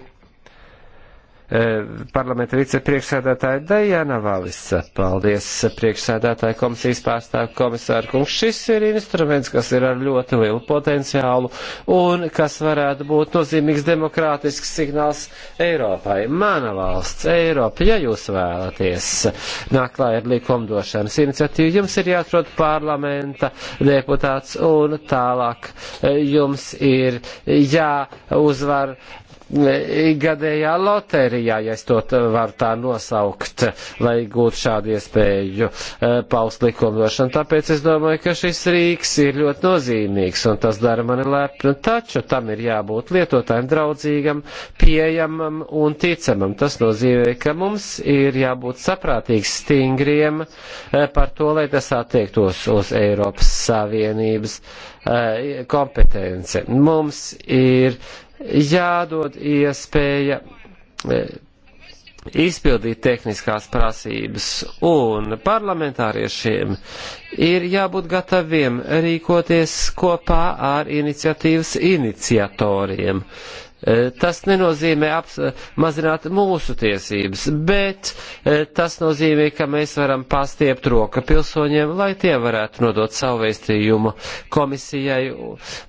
Eh, parlamenta vicepriekšsēdētāja Dajana Valisa. Paldies, priekšsēdētāja komisijas pārstāvja komisāra kungs. Šis ir instruments, kas ir ar ļoti lielu potenciālu un kas varētu būt nozīmīgs demokrātisks signāls Eiropai. Mana valsts, Eiropa, ja jūs vēlaties nāk klāja ar likumdošanas iniciatīvu, jums ir jāatrod parlamenta deputāts un tālāk eh, jums ir jāuzvar gadējā loterijā, ja es to varu tā nosaukt, lai gūtu šādu iespēju e, paust likumdošanu. Tāpēc es domāju, ka šis rīks ir ļoti nozīmīgs un tas dara mani lepni, taču tam ir jābūt lietotājiem draudzīgam, pieejamam un ticamam. Tas nozīmē, ka mums ir jābūt saprātīgs stingriem e, par to, lai tas attiektos uz Eiropas Savienības e, kompetenci. Mums ir jādod iespēja e, izpildīt tehniskās prasības, un parlamentāriešiem ir jābūt gataviem rīkoties kopā ar iniciatīvas iniciatoriem, Eh, tas nenozīmē aps, eh, mazināt mūsu tiesības, bet eh, tas nozīmē, ka mēs varam pastiept roka pilsoņiem, lai tie varētu nodot savu vēstījumu komisijai.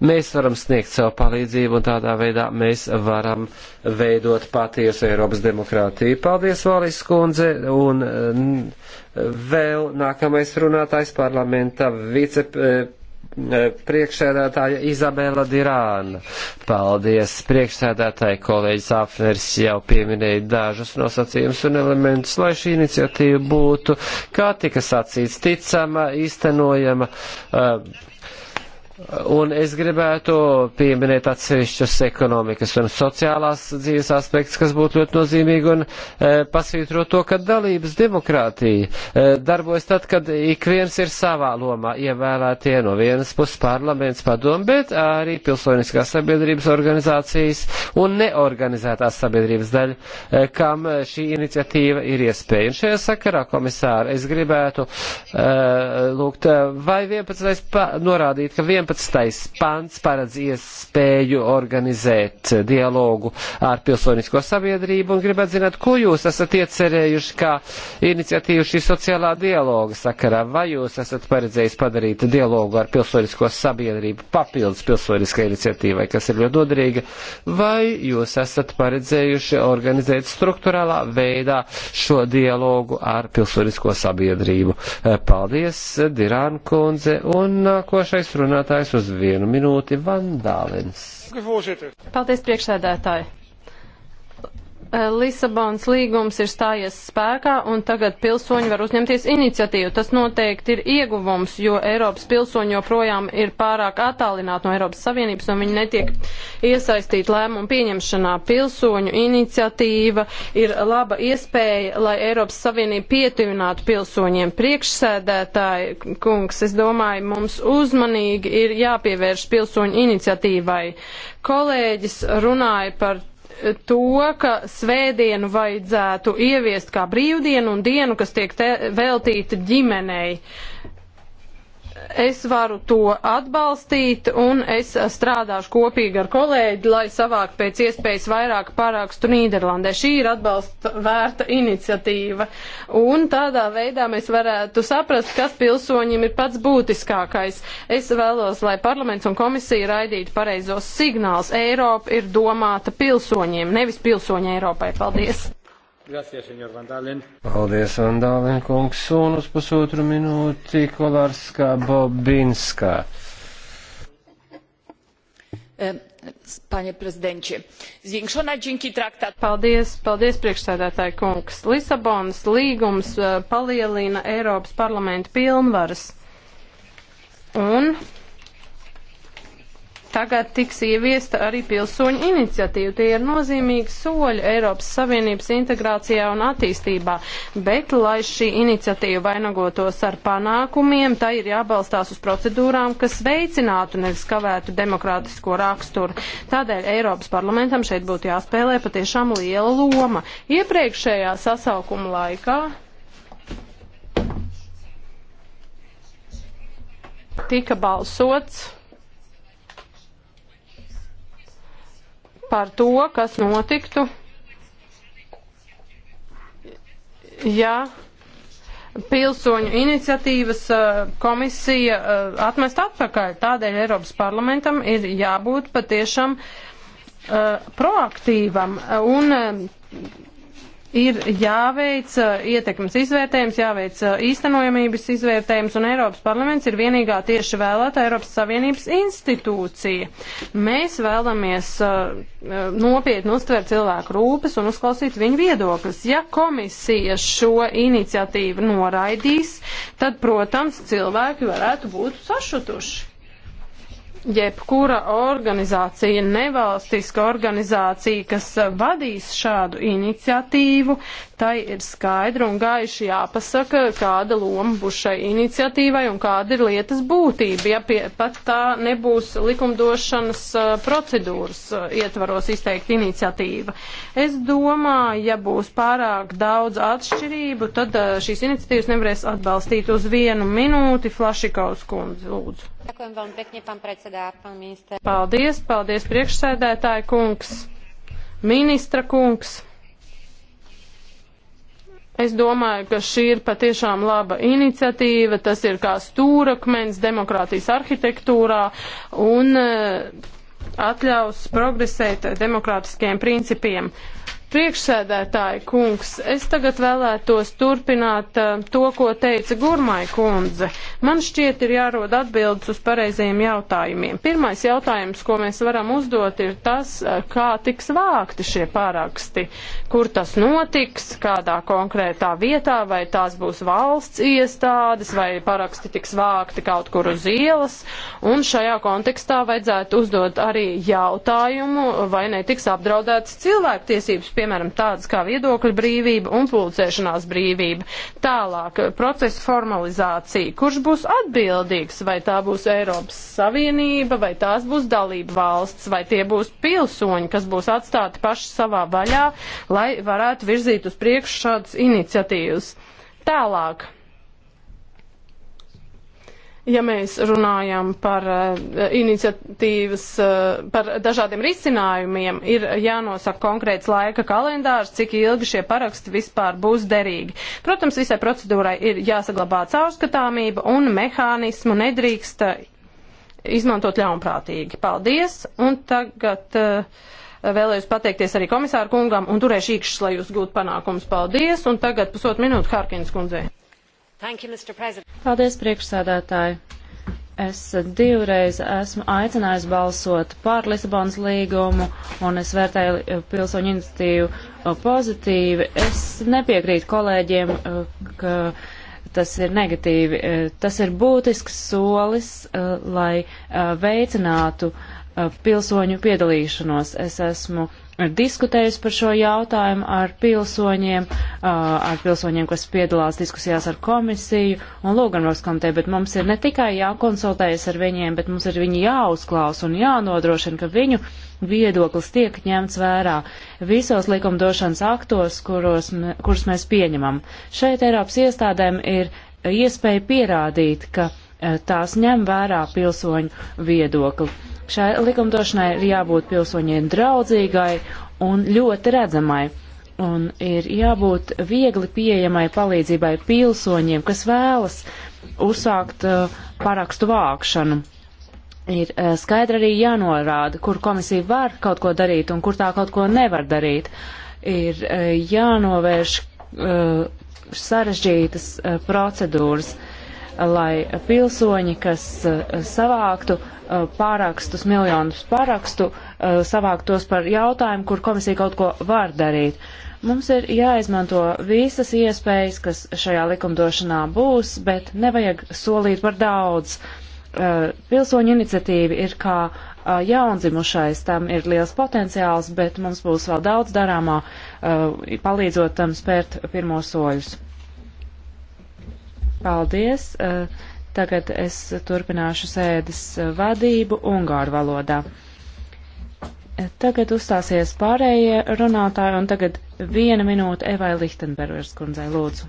Mēs varam sniegt savu palīdzību un tādā veidā mēs varam veidot patiesu Eiropas demokrātiju. Paldies, Valis Kundze! Un vēl nākamais runātājs parlamenta viceprezidents priekšsēdētāja Izabela Dirāna. Paldies! Priekšsēdētāja kolēģis Afners jau pieminēja dažus nosacījumus un elementus, lai šī iniciatīva būtu, kā tika sacīts, ticama, īstenojama. Uh, Un es gribētu pieminēt atsevišķus ekonomikas un sociālās dzīves aspektus, kas būtu ļoti nozīmīgi, un e, pasvītrot to, ka dalības demokrātija e, darbojas tad, kad ik viens ir savā lomā ievēlētie no vienas puses parlaments padomu, bet arī pilsoniskās sabiedrības organizācijas un neorganizētās sabiedrības daļa, e, kam šī iniciatīva ir iespēja. Un šajā sakarā, komisāri, es gribētu e, lūgt, e, vai 11. norādīt, ka 11. 11. pants paredz iespēju organizēt dialogu ar pilsonisko sabiedrību un gribētu zināt, ko jūs esat iecerējuši kā iniciatīvu šī sociālā dialoga sakarā. Vai jūs esat paredzējis padarīt dialogu ar pilsonisko sabiedrību papildus pilsoniskai iniciatīvai, kas ir ļoti noderīga, vai jūs esat paredzējuši organizēt struktūrālā veidā šo dialogu ar pilsonisko sabiedrību? Paldies, Dirāna kundze, un nākošais runātājs runātājs uz vienu minūti Vandālens. Paldies, priekšsēdētāji! Eh, Lisabonas līgums ir stājies spēkā un tagad pilsoņi var uzņemties iniciatīvu. Tas noteikti ir ieguvums, jo Eiropas pilsoņi joprojām ir pārāk attālināti no Eiropas Savienības un viņi netiek iesaistīti lēmumu pieņemšanā. Pilsoņu iniciatīva ir laba iespēja, lai Eiropas Savienība pietuvinātu pilsoņiem. Priekšsēdētāji, kungs, es domāju, mums uzmanīgi ir jāpievērš pilsoņu iniciatīvai. Kolēģis runāja par to, ka svētdienu vajadzētu ieviest kā brīvdienu un dienu, kas tiek veltīta ģimenei. Uh, es varu to atbalstīt un es strādāšu kopīgi ar kolēģi, lai savāktu pēc iespējas vairāk parakstu Nīderlandē. Šī ir atbalsta vērta iniciatīva un tādā veidā mēs varētu saprast, kas pilsoņiem ir pats būtiskākais. Es vēlos, lai parlaments un komisija raidītu pareizos signālus. Eiropa ir domāta pilsoņiem, nevis pilsoņa Eiropai. Paldies! Gracias, senor Van Dalen. Paldies, Van Dalen kungs, un uz pusotru minūti Kolārskā Bobinskā. Eh, panie prezidencie, zwiększona dzięki traktat. Paldies, paldies priekšsēdētāji kungs. Lisabonas līgums eh, palielina Eiropas parlamenta pilnvaras. Un Tagad tiks ieviesta arī pilsoņu iniciatīva. Tie ir nozīmīgi soļi Eiropas Savienības integrācijā un attīstībā, bet, lai šī iniciatīva vainagotos ar panākumiem, tai ir jābalstās uz procedūrām, kas veicinātu, nevis kavētu demokrātisko raksturu. Tādēļ Eiropas parlamentam šeit būtu jāspēlē patiešām liela loma. Iepriekšējā sasaukuma laikā tika balsots par to, kas notiktu, ja pilsoņu iniciatīvas uh, komisija uh, atmest atpakaļ. Tādēļ Eiropas parlamentam ir jābūt patiešām uh, proaktīvam un um, ir jāveic uh, ietekmes izvērtējums, jāveic uh, īstenojamības izvērtējums, un Eiropas parlaments ir vienīgā tieši vēlēta Eiropas Savienības institūcija. Mēs vēlamies uh, nopietni uztvert cilvēku rūpes un uzklausīt viņu viedokļus. Ja komisija šo iniciatīvu noraidīs, tad, protams, cilvēki varētu būt sašutuši jebkura organizācija, nevalstiska organizācija, kas vadīs šādu iniciatīvu, tai ir skaidri un gaiši jāpasaka, kāda loma būs šai iniciatīvai un kāda ir lietas būtība, ja pie, pat tā nebūs likumdošanas procedūras ietvaros izteikt iniciatīva. Es domāju, ja būs pārāk daudz atšķirību, tad šīs iniciatīvas nevarēs atbalstīt uz vienu minūti. Flašikaus kundze, lūdzu. Paldies, paldies priekšsēdētāji kungs, ministra kungs. Es domāju, ka šī ir patiešām laba iniciatīva, tas ir kā stūrakmens demokrātijas arhitektūrā un eh, atļaus progresēt demokrātiskiem principiem. Priekšsēdētāji kungs, es tagad vēlētos turpināt uh, to, ko teica Gurmai kundze. Man šķiet ir jārod atbildes uz pareizajiem jautājumiem. Pirmais jautājums, ko mēs varam uzdot, ir tas, uh, kā tiks vākti šie pāraksti, kur tas notiks, kādā konkrētā vietā, vai tās būs valsts iestādes, vai paraksti tiks vākti kaut kur uz ielas. Un šajā kontekstā vajadzētu uzdot arī jautājumu, vai netiks apdraudētas cilvēktiesības piemēram, tādas kā viedokļa brīvība un pulcēšanās brīvība. Tālāk, procesa formalizācija. Kurš būs atbildīgs? Vai tā būs Eiropas Savienība, vai tās būs dalība valsts, vai tie būs pilsoņi, kas būs atstāti paši savā vaļā, lai varētu virzīt uz priekšu šādas iniciatīvas? Tālāk ja mēs runājam par uh, iniciatīvas, uh, par dažādiem risinājumiem, ir jānosaka konkrēts laika kalendārs, cik ilgi šie paraksti vispār būs derīgi. Protams, visai procedūrai ir jāsaglabā caurskatāmība un mehānismu nedrīkst eh, izmantot ļaunprātīgi. Paldies! Un tagad uh, vēlējos pateikties arī komisāru kungam un turēšu īkšķis, lai jūs gūtu panākums. Paldies! Un tagad pusotru minūtu Hārkins kundzei. You, Paldies, priekšsādātāji! Es divreiz esmu aicinājis balsot par Lisabonas līgumu, un es vērtēju eh, pilsoņu iniciatīvu eh, pozitīvi. Es nepiekrītu kolēģiem, eh, ka tas ir negatīvi. Tas ir būtisks solis, lai veicinātu pilsoņu piedalīšanos. Es esmu uh, diskutējusi par šo jautājumu ar pilsoņiem, ar pilsoņiem, kas piedalās diskusijās ar komisiju un Lūganvaras komiteju, bet mums ir ne tikai jākonsultējas ar viņiem, bet mums ir viņi jāuzklaus un jānodrošina, ka viņu viedoklis tiek ņemts vērā visos likumdošanas aktos, kuros, kurus mēs pieņemam. Šeit Eiropas iestādēm ir iespēja pierādīt, ka tās ņem vērā pilsoņu viedokli Šai likumdošanai ir jābūt pilsoņiem draudzīgai un ļoti redzamai. Un ir jābūt viegli pieejamai palīdzībai pilsoņiem, kas vēlas uzsākt uh, parakstu vākšanu. Ir uh, skaidri arī jānorāda, kur komisija var kaut ko darīt un kur tā kaut ko nevar darīt. Ir uh, jānovērš uh, sarežģītas uh, procedūras. Uh, lai pilsoņi, kas eh, savāktu eh, pārakstus, miljonus parakstu, eh, savāktos par jautājumu, kur komisija kaut ko var darīt. Mums ir jāizmanto visas iespējas, kas šajā likumdošanā būs, bet nevajag solīt par daudz. Pilsoņu iniciatīva ir kā jaundzimušais, tam ir liels potenciāls, bet mums būs vēl daudz darāmā, palīdzot tam spērt pirmos soļus. Paldies! Eh, tagad es turpināšu sēdes eh, vadību Ungāru valodā. Eh, tagad uzstāsies pārējie runātāji, un tagad viena minūte Evai Lichtenbergers kundzei lūdzu.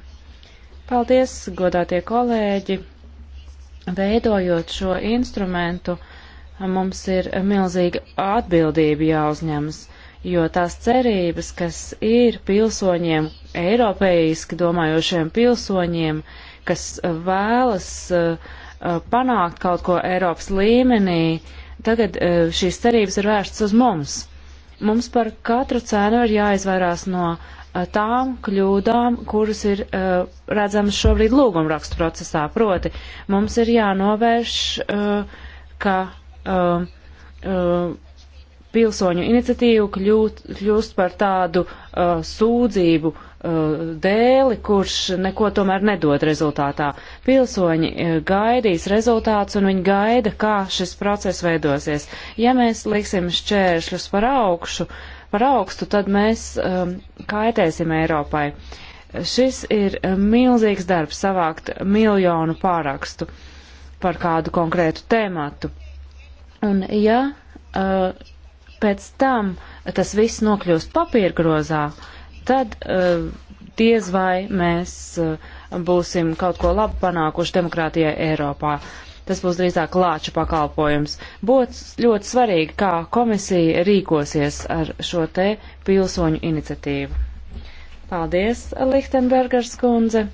Paldies, godātie kolēģi! Veidojot šo instrumentu, mums ir milzīga atbildība jāuzņemas, jo tās cerības, kas ir pilsoņiem, eiropeiski domājošiem pilsoņiem, uh, kas eh, vēlas eh, eh, panākt kaut ko Eiropas līmenī, tagad šīs cerības ir vērstas uz mums. Mums par katru cenu ir jāizvairās no tām kļūdām, kuras ir uh, redzamas šobrīd lūgumrakstu procesā. Proti, mums ir jānovērš, uh, ka uh, pilsoņu iniciatīvu kļūt, kļūst par tādu sūdzību Uh, dēli, kurš neko tomēr nedod rezultātā. Pilsoņi uh, gaidīs rezultātus un viņi gaida, kā šis process veidosies. Ja mēs liksim šķēršļus par augšu, par augstu, tad mēs um, kaitēsim Eiropai. Šis ir uh, milzīgs darbs savākt miljonu pārakstu par kādu konkrētu tēmatu. Un ja uh, pēc tam tas viss nokļūst papīrgrozā, uh, tad uh, diez vai mēs uh, būsim kaut ko labu panākuši demokrātijai Eiropā. Tas būs drīzāk lāča pakalpojums. Būs ļoti svarīgi, kā komisija rīkosies ar šo te pilsoņu iniciatīvu. Paldies, Lichtenbergers kundze.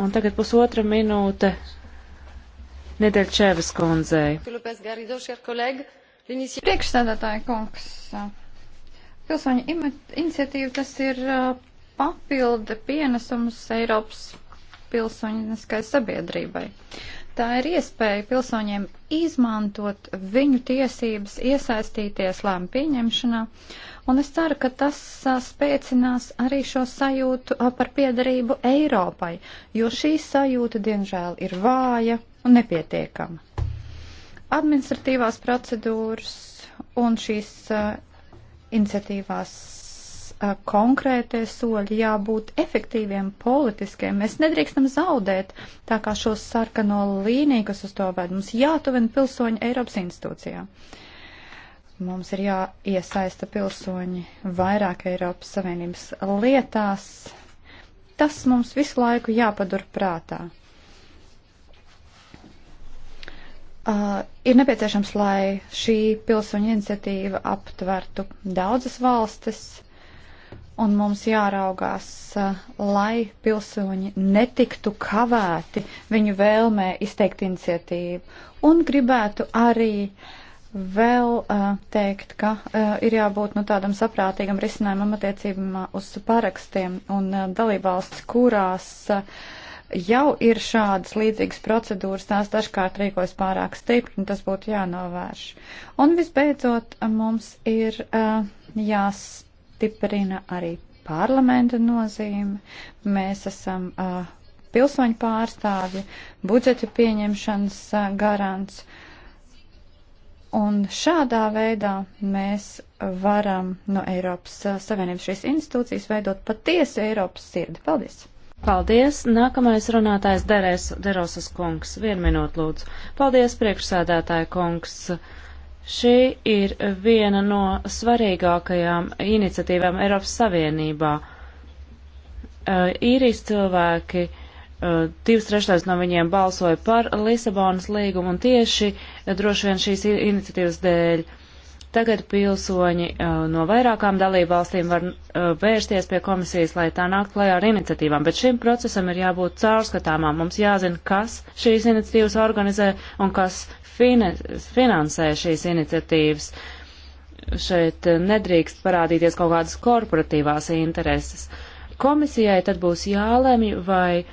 Un tagad pusotra minūte Nedeļčēvas kundzei. Priekšstādātāja kungs. Pilsoņu iniciatīva tas ir papilda pienesums Eiropas pilsoņiskai sabiedrībai. Tā ir iespēja pilsoņiem izmantot viņu tiesības, iesaistīties lēmu pieņemšanā, un es ceru, ka tas spēcinās arī šo sajūtu par piedarību Eiropai, jo šī sajūta, diemžēl, ir vāja un nepietiekama. Administratīvās procedūras un šīs iniciatīvās konkrētie soļi jābūt efektīviem, politiskiem. Mēs nedrīkstam zaudēt tā kā šo sarkano līniju, kas uz to ved. Mums jātuvina pilsoņi Eiropas institūcijām. Mums ir jāiesaista pilsoņi vairāk Eiropas Savienības lietās. Tas mums visu laiku jāpadur prātā. Uh, ir nepieciešams, lai šī pilsoņa iniciatīva aptvertu daudzas valstis, un mums jāraugās, uh, lai pilsoņi netiktu kavēti viņu vēlmē izteikt iniciatīvu. Un gribētu arī vēl uh, teikt, ka uh, ir jābūt nu, tādam saprātīgam risinājumam attiecībām uz parakstiem un uh, dalībvalsts, kurās. Uh, jau ir šādas līdzīgas procedūras, tās dažkārt rīkojas pārāk stipri, un tas būtu jānovērš. Un visbeidzot, mums ir uh, jāstiprina arī parlamenta nozīme. Mēs esam uh, pilsoņu pārstāvji, budžeta pieņemšanas uh, garants. Un šādā veidā mēs varam no Eiropas uh, Savienības šīs institūcijas veidot patiesi Eiropas sirdi. Paldies! Paldies. Nākamais runātājs Derēs, Derosas kungs. Vienu minūtu lūdzu. Paldies, priekšsēdētāja kungs. Šī ir viena no svarīgākajām iniciatīvām Eiropas Savienībā. Uh, īrijas cilvēki, uh, divas trešdaļas no viņiem balsoja par Lisabonas līgumu un tieši droši vien šīs iniciatīvas dēļ. Uh, Tagad pilsoņi uh, no vairākām dalībvalstīm var uh, vērsties pie komisijas, lai tā nāk klajā ar iniciatīvām, bet šim procesam ir jābūt caurskatāmām. Mums jāzina, kas šīs iniciatīvas organizē un kas finansē šīs iniciatīvas. Šeit uh, nedrīkst parādīties kaut kādas korporatīvās intereses. Komisijai tad būs jālemj, vai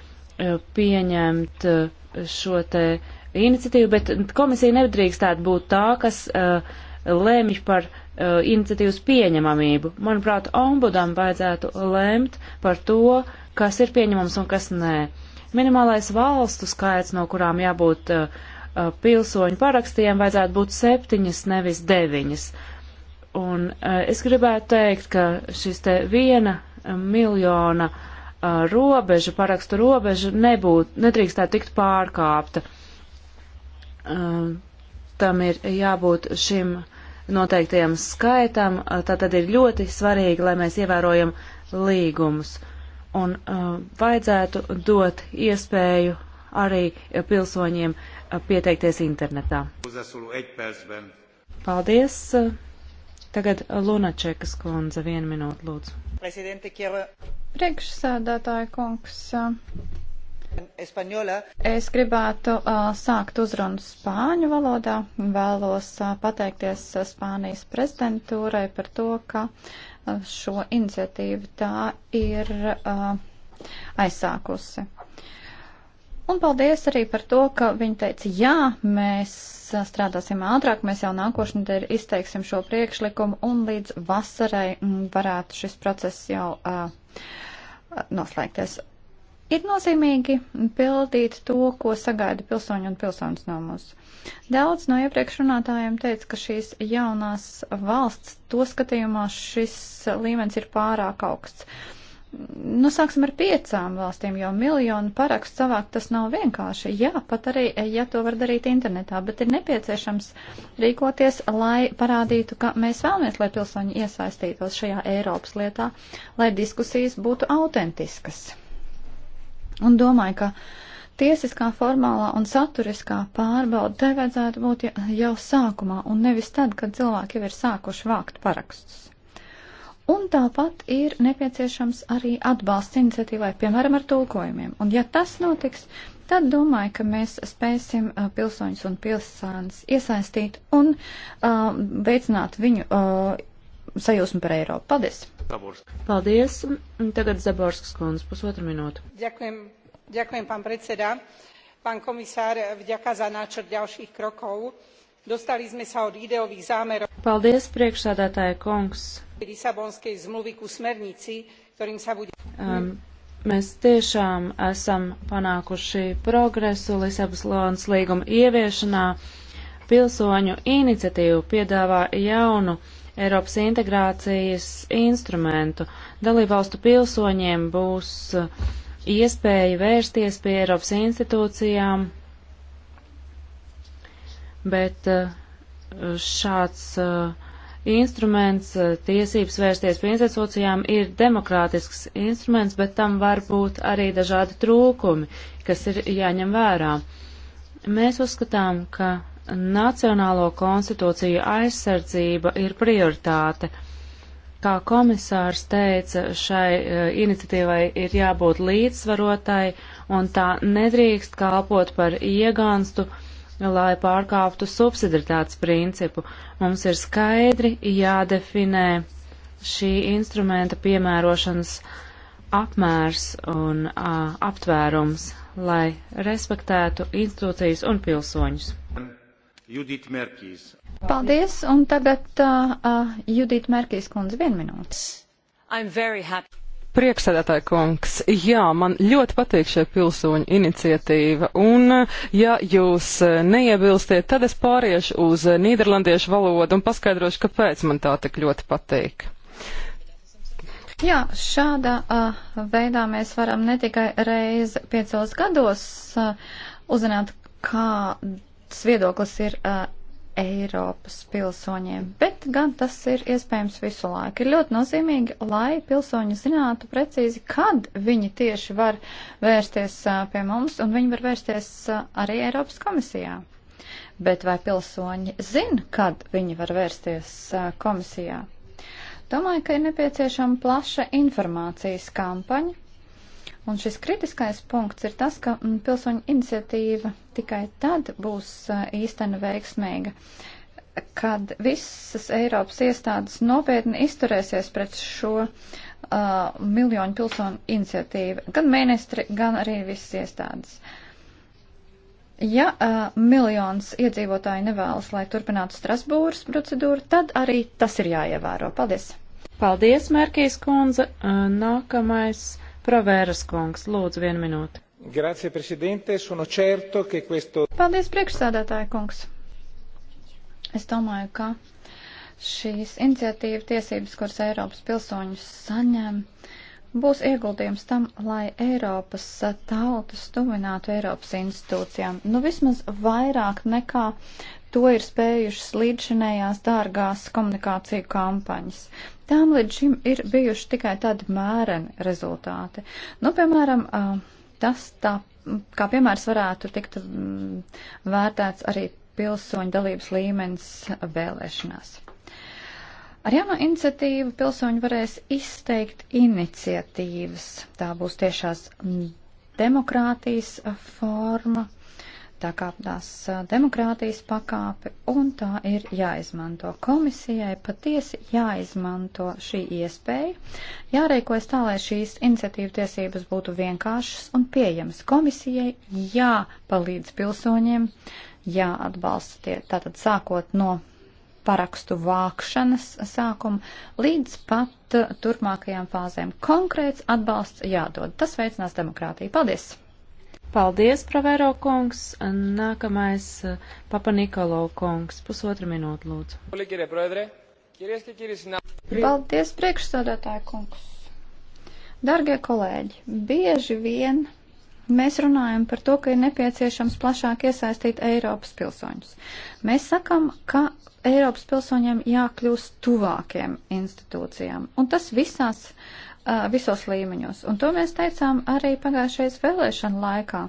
pieņemt šo te iniciatīvu, bet komisija nedrīkstētu būt tā, kas uh, lēmj par uh, iniciatīvas pieņemamību. Manuprāt, ombudam vajadzētu lēmt par to, kas ir pieņemams un kas nē. Minimālais valstu skaits, no kurām jābūt uh, uh, pilsoņu parakstiem, vajadzētu būt septiņas, nevis deviņas. Un uh, es gribētu teikt, ka šis te viena miljona uh, robeža, parakstu robeža nebūt, nedrīkstētu tikt pārkāpta. Uh, tam ir jābūt šim noteiktajam skaitam, eh, tātad ir ļoti svarīgi, lai mēs ievērojam līgumus. Un uh, vajadzētu dot iespēju arī pilsoņiem eh, pieteikties internetā. Paldies! Tagad Lunačekas kundze, vienu minūtu lūdzu. Priekšsēdētāja kungs, Es gribētu uh, sākt uzrunu spāņu valodā. Vēlos uh, pateikties uh, Spānijas prezidentūrai par to, ka uh, šo iniciatīvu tā ir uh, aizsākusi. Un paldies arī par to, ka viņi teica, jā, mēs strādāsim ātrāk, mēs jau nākošnedēļ izteiksim šo priekšlikumu un līdz vasarai varētu šis process jau uh, noslēgties. Ir nozīmīgi pildīt to, ko sagaida pilsoņi un pilsonis no mums. Daudz no iepriekš runātājiem teica, ka šīs jaunās valsts, to skatījumā šis līmenis ir pārāk augsts. Nu, sāksim ar piecām valstīm, jo miljonu parakstu savākt tas nav vienkārši. Jā, pat arī, ja to var darīt internetā, bet ir nepieciešams rīkoties, lai parādītu, ka mēs vēlamies, lai pilsoņi iesaistītos šajā Eiropas lietā, lai diskusijas būtu autentiskas Un domāju, ka tiesiskā, formālā un saturiskā pārbauda tai vajadzētu būt jau sākumā un nevis tad, kad cilvēki jau ir sākuši vākt parakstus. Un tāpat ir nepieciešams arī atbalsts iniciatīvai, piemēram, ar tulkojumiem. Un ja tas notiks, tad domāju, ka mēs spēsim uh, pilsoņus un pilsēnas iesaistīt un uh, veicināt viņu uh, sajūsmu par Eiropu. Paldies! Paldies. Tagad Zaborskas kundze, pusotru minūtu. Ďakujem, ďakujem, pán predseda. Pán komisār, vďaka za náčrt ďalších krokov. Dostali sme sa od ideových zámerov. Paldies, priekšsādātāja kungs. Lisabonskej zmluvy ku smernici, ktorým sa bude. Um, mēs tiešām esam panākuši progresu Lisabonas līguma ieviešanā. Pilsoņu iniciatīva piedāvā jaunu Eiropas integrācijas instrumentu. Dalībvalstu pilsoņiem būs uh, iespēja vērsties pie Eiropas institūcijām, bet uh, šāds uh, instruments, tiesības vērsties pie institūcijām ir demokrātisks instruments, bet tam var būt arī dažādi trūkumi, kas ir jāņem vērā. Mēs uzskatām, ka nacionālo konstitūciju aizsardzība ir prioritāte. Kā komisārs teica, šai eh, iniciatīvai ir jābūt līdzsvarotai un tā nedrīkst kalpot par iegānstu, lai pārkāptu subsidiritātes principu. Mums ir skaidri jādefinē šī instrumenta piemērošanas apmērs un a, aptvērums, lai respektētu institūcijas un pilsoņus. Judita Merkīs. Paldies, un tagad uh, uh Judita Merkīs kundze vienu minūti. Prieksēdētāji kungs, jā, man ļoti patīk šie pilsoņu iniciatīva, un uh, ja jūs uh, neiebilstiet, tad es pāriešu uz nīderlandiešu valodu un paskaidrošu, kāpēc man tā tik ļoti patīk. Jā, šādā uh, veidā mēs varam ne tikai reizi piecos gados uh, uzzināt, kāda Šāds viedoklis ir uh, Eiropas pilsoņiem, bet gan tas ir iespējams visu laiku. Ir ļoti nozīmīgi, lai pilsoņi zinātu precīzi, kad viņi tieši var vērsties uh, pie mums, un viņi var vērsties uh, arī Eiropas komisijā. Bet vai pilsoņi zina, kad viņi var vērsties uh, komisijā? Domāju, ka ir nepieciešama plaša informācijas kampaņa Un šis kritiskais punkts ir tas, ka mm, pilsoņu iniciatīva tikai tad būs īstena veiksmīga, kad visas Eiropas iestādes nopietni izturēsies pret šo uh, miljonu pilsoņu iniciatīvu, gan ministri, gan arī visas iestādes. Ja uh, miljons iedzīvotāji nevēlas, lai turpinātu Strasbūras procedūru, tad arī tas ir jāievēro. Paldies! Paldies, Mērkijas kundze! Nākamais Provēras kungs, lūdzu, vienu minūti. Grazie, prezidente, sono certo, ka questo. Paldies, priekšsādātāja kungs. Es domāju, ka šīs iniciatīva tiesības, kuras Eiropas pilsoņus saņem, būs ieguldījums tam, lai Eiropas tautas tuvinātu Eiropas institūcijām. Nu, vismaz vairāk nekā to ir spējušas līdzinējās dārgās komunikāciju kampaņas. Tām līdz šim ir bijuši tikai tādi mēreni rezultāti. Nu, piemēram, tas tā, kā piemērs varētu tikt mm, vērtēts arī pilsoņu dalības līmenis vēlēšanās. Ar jauno iniciatīvu pilsoņi varēs izteikt iniciatīvas. Tā būs tiešās mm, demokrātijas forma tā kā tās demokrātijas pakāpe, un tā ir jāizmanto. Komisijai patiesi jāizmanto šī iespēja, jārēkojas tā, lai šīs iniciatīva tiesības būtu vienkāršas un pieejamas. Komisijai jāpalīdz pilsoņiem, jāatbalsta tie, tātad sākot no parakstu vākšanas sākuma līdz pat turpmākajām fāzēm. Konkrēts atbalsts jādod. Tas veicinās demokrātiju. Paldies! Paldies, Pravēro kungs. Nākamais eh, Papa Nikolo kungs. Pusotra minūte, lūdzu. Paldies, priekšstādātāja kungs. Dargie kolēģi, bieži vien mēs runājam par to, ka ir nepieciešams plašāk iesaistīt Eiropas pilsoņus. Mēs sakam, ka Eiropas pilsoņiem jākļūst tuvākiem institūcijām. Un tas visās visos līmeņos. Un to mēs teicām arī pagājušais vēlēšana laikā,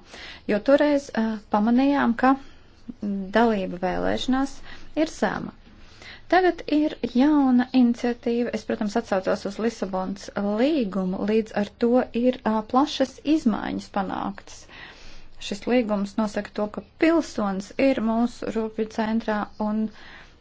jo toreiz pamanījām, ka dalība vēlēšanās ir zema. Tagad ir jauna iniciatīva. Es, protams, atsaucos uz Lisabons līgumu, līdz ar to ir uh, plašas izmaiņas panāktas. Šis līgums nosaka to, ka pilsonis ir mūsu rūpju centrā un uh,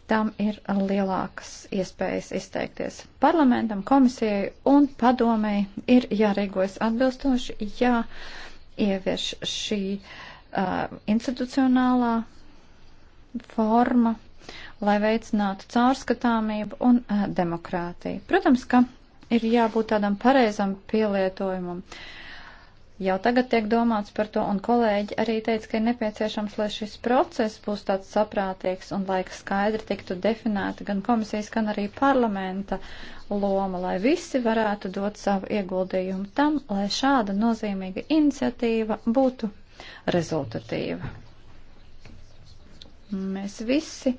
tam ir lielākas iespējas izteikties. Parlamentam, komisijai un padomēji ir jārīkojas atbilstoši, jāievieš šī uh, institucionālā forma, lai veicinātu caurskatāmību un uh, demokrātiju. Protams, ka ir jābūt tādam pareizam pielietojumam. Uh, jau tagad tiek domāts par to, un kolēģi arī teica, ka ir nepieciešams, lai šis process būs tāds saprātīgs un laika skaidri tiktu definēta gan komisijas, gan arī parlamenta loma, lai visi varētu dot savu ieguldījumu tam, lai šāda nozīmīga iniciatīva būtu rezultatīva. Mēs visi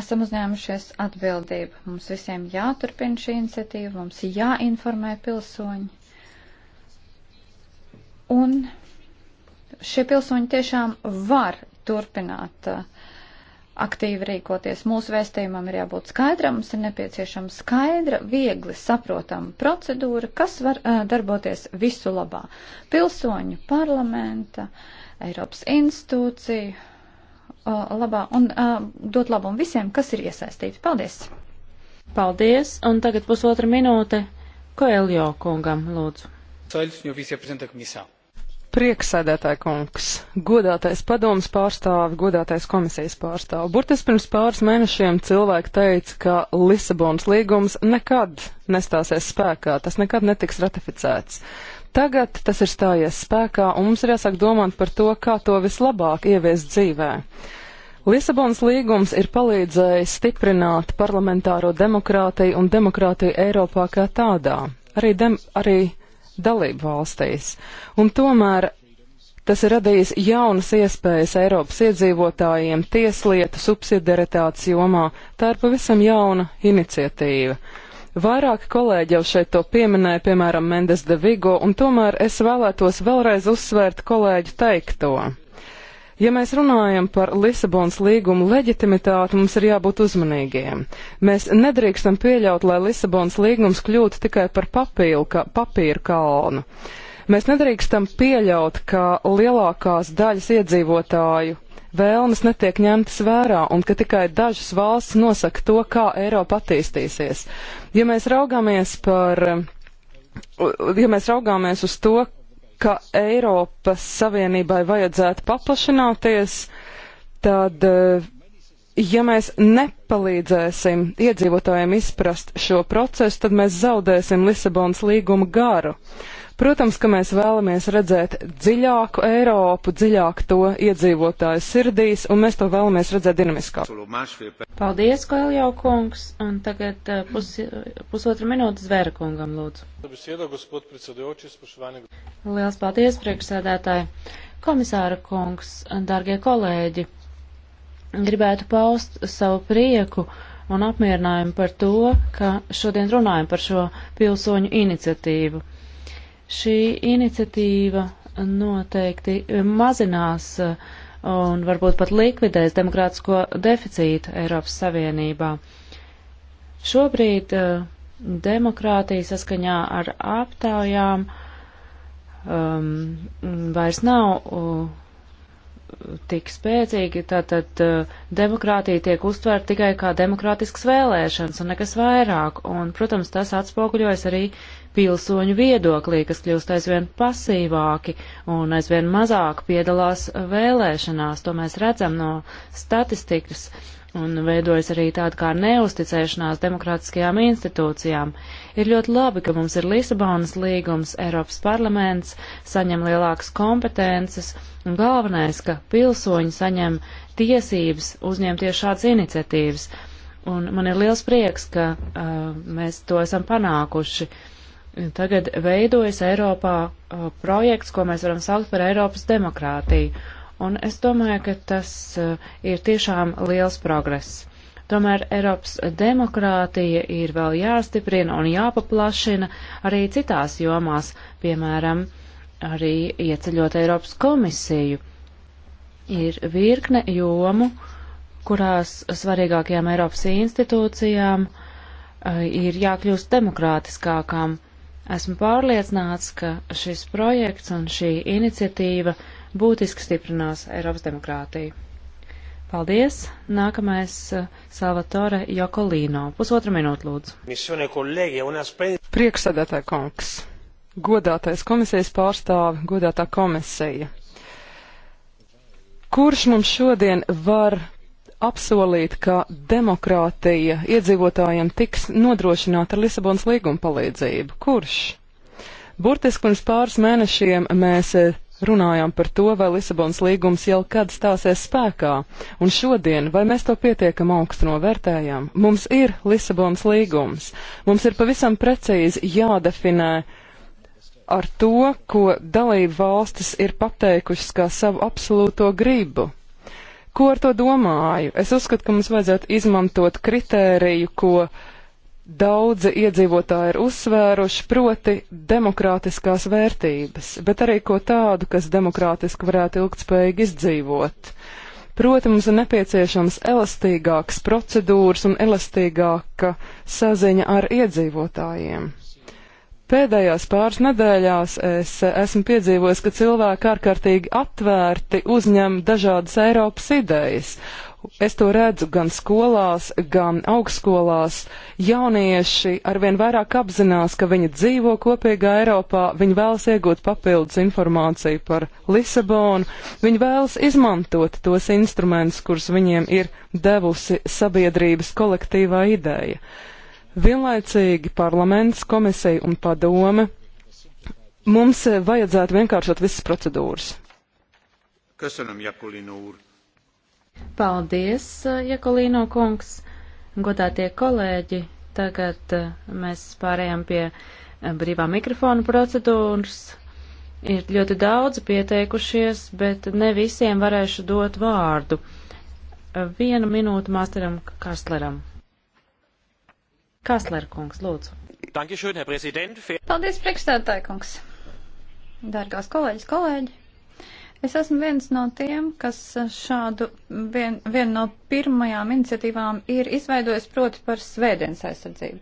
esam uzņēmušies atbildību. Mums visiem jāturpina šī iniciatīva, mums jāinformē pilsoņi Un šie pilsoņi tiešām var turpināt uh, aktīvi rīkoties. Mūsu vēstījumam ir jābūt skaidram, mums ir nepieciešama skaidra, viegli saprotama procedūra, kas var uh, darboties visu labā. Pilsoņu parlamenta, Eiropas institūciju uh, labā un dot labumu visiem, kas ir iesaistīti. Paldies! Paldies, un tagad pusotra minūte Koeljo kungam, lūdzu. Soļ, Prieksēdētāji kungs, godātais padomas pārstāvi, godātais komisijas pārstāvi. Burtiski pirms pāris mēnešiem cilvēki teica, ka Lisabonas līgums nekad nestāsies spēkā, tas nekad netiks ratificēts. Tagad tas ir stājies spēkā, un mums ir jāsāk domāt par to, kā to vislabāk ieviest dzīvē. Lisabonas līgums ir palīdzējis stiprināt parlamentāro demokrātiju un demokrātiju Eiropā kā tādā. Arī, dem, arī dalību valstīs. Un tomēr tas ir radījis jaunas iespējas Eiropas iedzīvotājiem tieslietu subsidiaritātes jomā. Tā ir pavisam jauna iniciatīva. Vairāki kolēģi jau šeit to pieminēja, piemēram, Mendes de Vigo, un tomēr es vēlētos vēlreiz uzsvērt kolēģu teikto. Ja mēs runājam par Lisabonas līgumu leģitimitāti, mums ir jābūt uzmanīgiem. Mēs nedrīkstam pieļaut, lai Lisabonas līgums kļūtu tikai par papīru, ka, papīru kalnu. Mēs nedrīkstam pieļaut, ka lielākās daļas iedzīvotāju vēlmes netiek ņemtas vērā un ka tikai dažas valsts nosaka to, kā Eiropa attīstīsies. Ja mēs raugāmies par ja mēs raugāmies uz to, ka Eiropas Savienībai vajadzētu paplašināties, tad, eh, ja mēs nepalīdzēsim iedzīvotājiem izprast šo procesu, tad mēs zaudēsim Lisabonas līguma garu. Uh, Protams, ka mēs vēlamies redzēt dziļāku Eiropu, dziļāk to iedzīvotāju sirdīs, un mēs to vēlamies redzēt dinamiskāk. Paldies, Koeljau kungs, un tagad eh, pus, pusotru minūtu zvēra kungam lūdzu. Liels paldies, priekšsēdētāji. Komisāra kungs, dargie kolēģi, gribētu paust savu prieku un apmierinājumu par to, ka šodien runājam par šo pilsoņu iniciatīvu. Šī iniciatīva noteikti mazinās uh, un varbūt pat likvidēs demokrātisko deficītu Eiropas Savienībā. Šobrīd uh, demokrātija saskaņā ar aptaujām um, vairs nav uh, tik spēcīgi, tātad uh, demokrātija tiek uztvērta tikai kā demokrātisks vēlēšanas un nekas vairāk. Un, protams, tas atspoguļojas arī uh, pilsoņu viedoklī, kas kļūst aizvien pasīvāki un aizvien mazāk piedalās vēlēšanās. To mēs redzam no statistikas un veidojas arī tāda kā neusticēšanās demokrātiskajām institūcijām. Ir ļoti labi, ka mums ir Lisabonas līgums, Eiropas parlaments saņem lielākas kompetences un galvenais, ka pilsoņi saņem tiesības uzņemties šādas iniciatīvas. Un man ir liels prieks, ka uh, mēs to esam panākuši. Uh, tagad veidojas Eiropā uh, projekts, ko mēs varam saukt par Eiropas demokrātiju. Un es domāju, ka tas uh, ir tiešām liels progress. Tomēr Eiropas demokrātija ir vēl jāstiprina un jāpaplašina arī citās jomās, piemēram, arī ieceļot Eiropas komisiju. Ir virkne jomu, kurās svarīgākajām Eiropas institūcijām uh, ir jākļūst demokrātiskākām Esmu pārliecināts, ka šis projekts un šī iniciatīva būtiski stiprinās Eiropas demokrātiju. Paldies! Nākamais uh, Salvatore Jokolīno. Pusotra minūte, lūdzu. Prieksēdētāja kungs, godātais komisijas pārstāvi, godātā komisija. Kurš mums šodien var apsolīt, ka demokrātija iedzīvotājiem tiks nodrošināta ar Lisabonas līguma palīdzību? Kurš? Burtiski pirms pāris mēnešiem mēs eh, runājām par to, vai Lisabonas līgums jau kad stāsies spēkā, un šodien, vai mēs to pietiekam augstu novērtējam. Mums ir Lisabonas līgums, mums ir pavisam precīzi jādefinē ar to, ko dalību valstis ir pateikušas kā savu absolūto gribu. Ko ar to domāju? Es uzskatu, ka mums vajadzētu izmantot kritēriju, ko daudzi iedzīvotāji ir uzsvēruši, proti demokrātiskās vērtības, bet arī ko tādu, kas demokrātiski varētu ilgtspējīgi izdzīvot. Proti mums ir nepieciešams elastīgāks procedūras un elastīgāka saziņa ar iedzīvotājiem. Pēdējās pāris nedēļās es eh, esmu piedzīvojis, ka cilvēki ārkārtīgi atvērti uzņem dažādas Eiropas idejas. Es to redzu gan skolās, gan augstskolās. Jaunieši arvien vairāk apzinās, ka viņi dzīvo kopīgā Eiropā, viņi vēlas iegūt papildus informāciju par Lisabonu, viņi vēlas izmantot tos instrumentus, kurus viņiem ir devusi sabiedrības kolektīvā ideja. Vienlaicīgi parlaments, komisija un padome mums vajadzētu vienkāršot visas procedūras. Köszönöm, Jakulino úr. Paldies, Jakulino kungs. Godātie kolēģi, tagad eh, mēs pārējām pie eh, brīvā mikrofona procedūras. Ir ļoti daudz pieteikušies, bet ne visiem varēšu dot vārdu. Vienu minūtu masteram Kastleram. Kasler kungs, lūdzu. Dankeschön, Herr Präsident. Paldies, priekšstādātāji kungs. Dārgās kolēģis, kolēģi. Es esmu viens no tiem, kas šādu vien, vienu no pirmajām iniciatīvām ir izveidojis proti par svētdienas aizsardzību.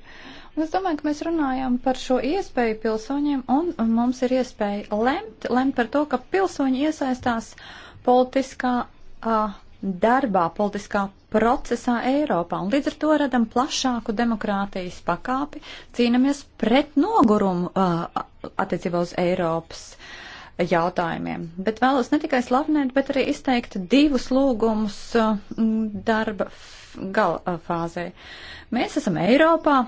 Un es domāju, ka mēs runājam par šo iespēju pilsoņiem, un, un mums ir iespēja lemt, lemt par to, ka pilsoņi iesaistās politiskā a, darbā, politiskā procesā Eiropā, un līdz ar to radam plašāku demokrātijas pakāpi, cīnamies pret nogurumu uh, attiecībā uz Eiropas jautājumiem. Bet vēlos ne tikai slavinēt, bet arī izteikt divus lūgumus uh, darba gala uh, fāzē. Mēs esam Eiropā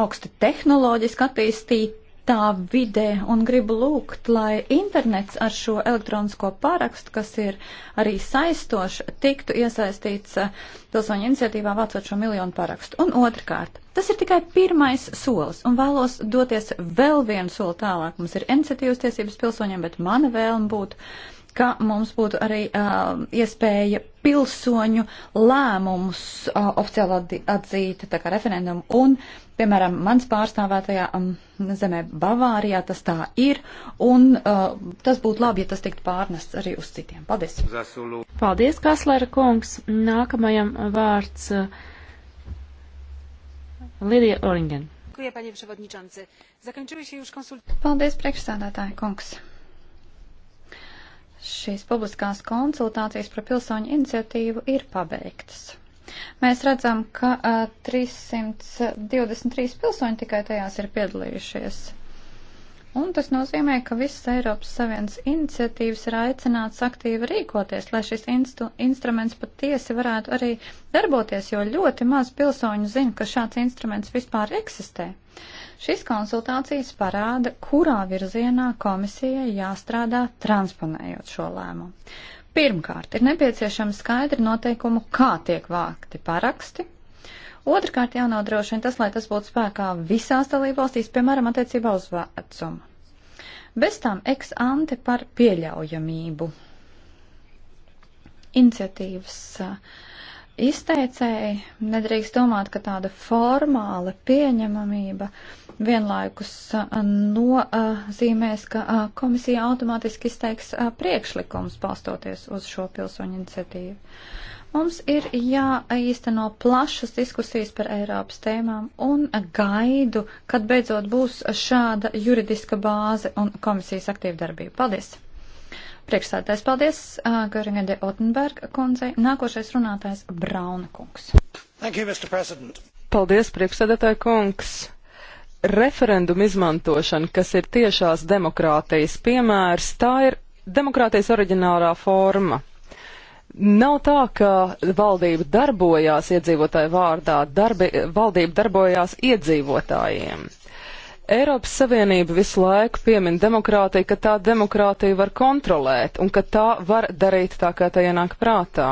augsti tehnoloģiski attīstīti tā vidē un gribu lūgt, lai internets ar šo elektronisko pārakstu, kas ir arī saistošs, tiktu iesaistīts eh, pilsoņu iniciatīvā vācot šo miljonu parakstu. Un otrkārt, tas ir tikai pirmais solis un vēlos doties vēl vienu soli tālāk. Mums ir iniciatīvas tiesības pilsoņiem, bet mana vēlme būtu, ka mums būtu arī uh, iespēja pilsoņu lēmumus uh, oficiāli atzīt, tā kā referendumu. Un, piemēram, mans pārstāvētajā um, zemē Bavārijā tas tā ir, un uh, tas būtu labi, ja tas tiktu pārnests arī uz citiem. Paldies! Zasulu. Paldies, Kaslera kungs! Nākamajam vārds uh, Lidija Oringen. Paldies, priekšsādātāja kungs! Šīs publiskās konsultācijas par pilsoņu iniciatīvu ir pabeigtas. Mēs redzam, ka 323 eh, pilsoņi tikai tajās ir piedalījušies. Un tas nozīmē, ka visas Eiropas Savienas iniciatīvas ir aicināts aktīvi rīkoties, lai šis instu, instruments patiesi varētu arī darboties, jo ļoti maz pilsoņu zina, ka šāds instruments vispār eksistē. Šīs konsultācijas parāda, kurā virzienā komisijai jāstrādā transponējot šo lēmumu. Pirmkārt, ir nepieciešama skaidra noteikumu, kā tiek vākti paraksti, Otrakārt jānodrošina tas, lai tas būtu spēkā visās dalībvalstīs, piemēram, attiecībā uz vecumu. Bez tām ex ante par pieļaujamību. Iniciatīvas izteicēji nedrīkst domāt, ka tāda formāla pieņemamība vienlaikus nozīmēs, ka komisija automātiski izteiks priekšlikums balstoties uz šo pilsoņu iniciatīvu. Mums ir jāīsteno plašas diskusijas par Eiropas tēmām un gaidu, kad beidzot būs šāda juridiska bāze un komisijas aktīva darbība. Paldies! Priekšsēdētājs, paldies, Göringa de Otenberg kundzei. Nākošais runātājs Brauna kungs. Thank you, Mr. President. Paldies, priekšsēdētāja kungs referendumu izmantošana, kas ir tiešās demokrātijas piemērs, tā ir demokrātijas oriģinālā forma. Nav tā, ka valdība darbojās iedzīvotāju vārdā, darbi, valdība darbojās iedzīvotājiem. Eiropas Savienība visu laiku piemin demokrātiju, ka tā demokrātija var kontrolēt un ka tā var darīt tā, kā tā ienāk prātā.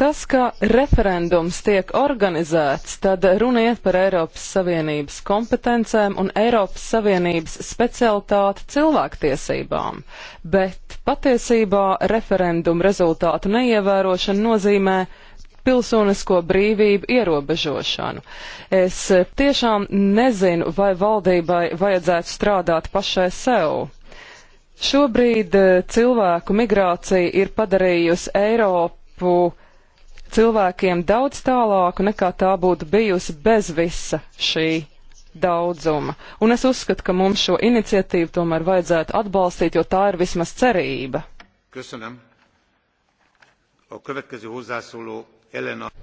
Tas, ka referendums tiek organizēts, tad runa iet par Eiropas Savienības kompetencēm un Eiropas Savienības specialitāti cilvēktiesībām, bet patiesībā referendumu rezultātu neievērošana nozīmē pilsonisko brīvību ierobežošanu. Es tiešām nezinu, vai valdībai vajadzētu strādāt pašai sev. Šobrīd eh, cilvēku migrācija ir padarījusi Eiropu cilvēkiem daudz tālāku nekā tā būtu bijusi bez visa šī daudzuma. Un es uzskatu, ka mums šo iniciatīvu tomēr vajadzētu atbalstīt, jo tā ir vismaz cerība.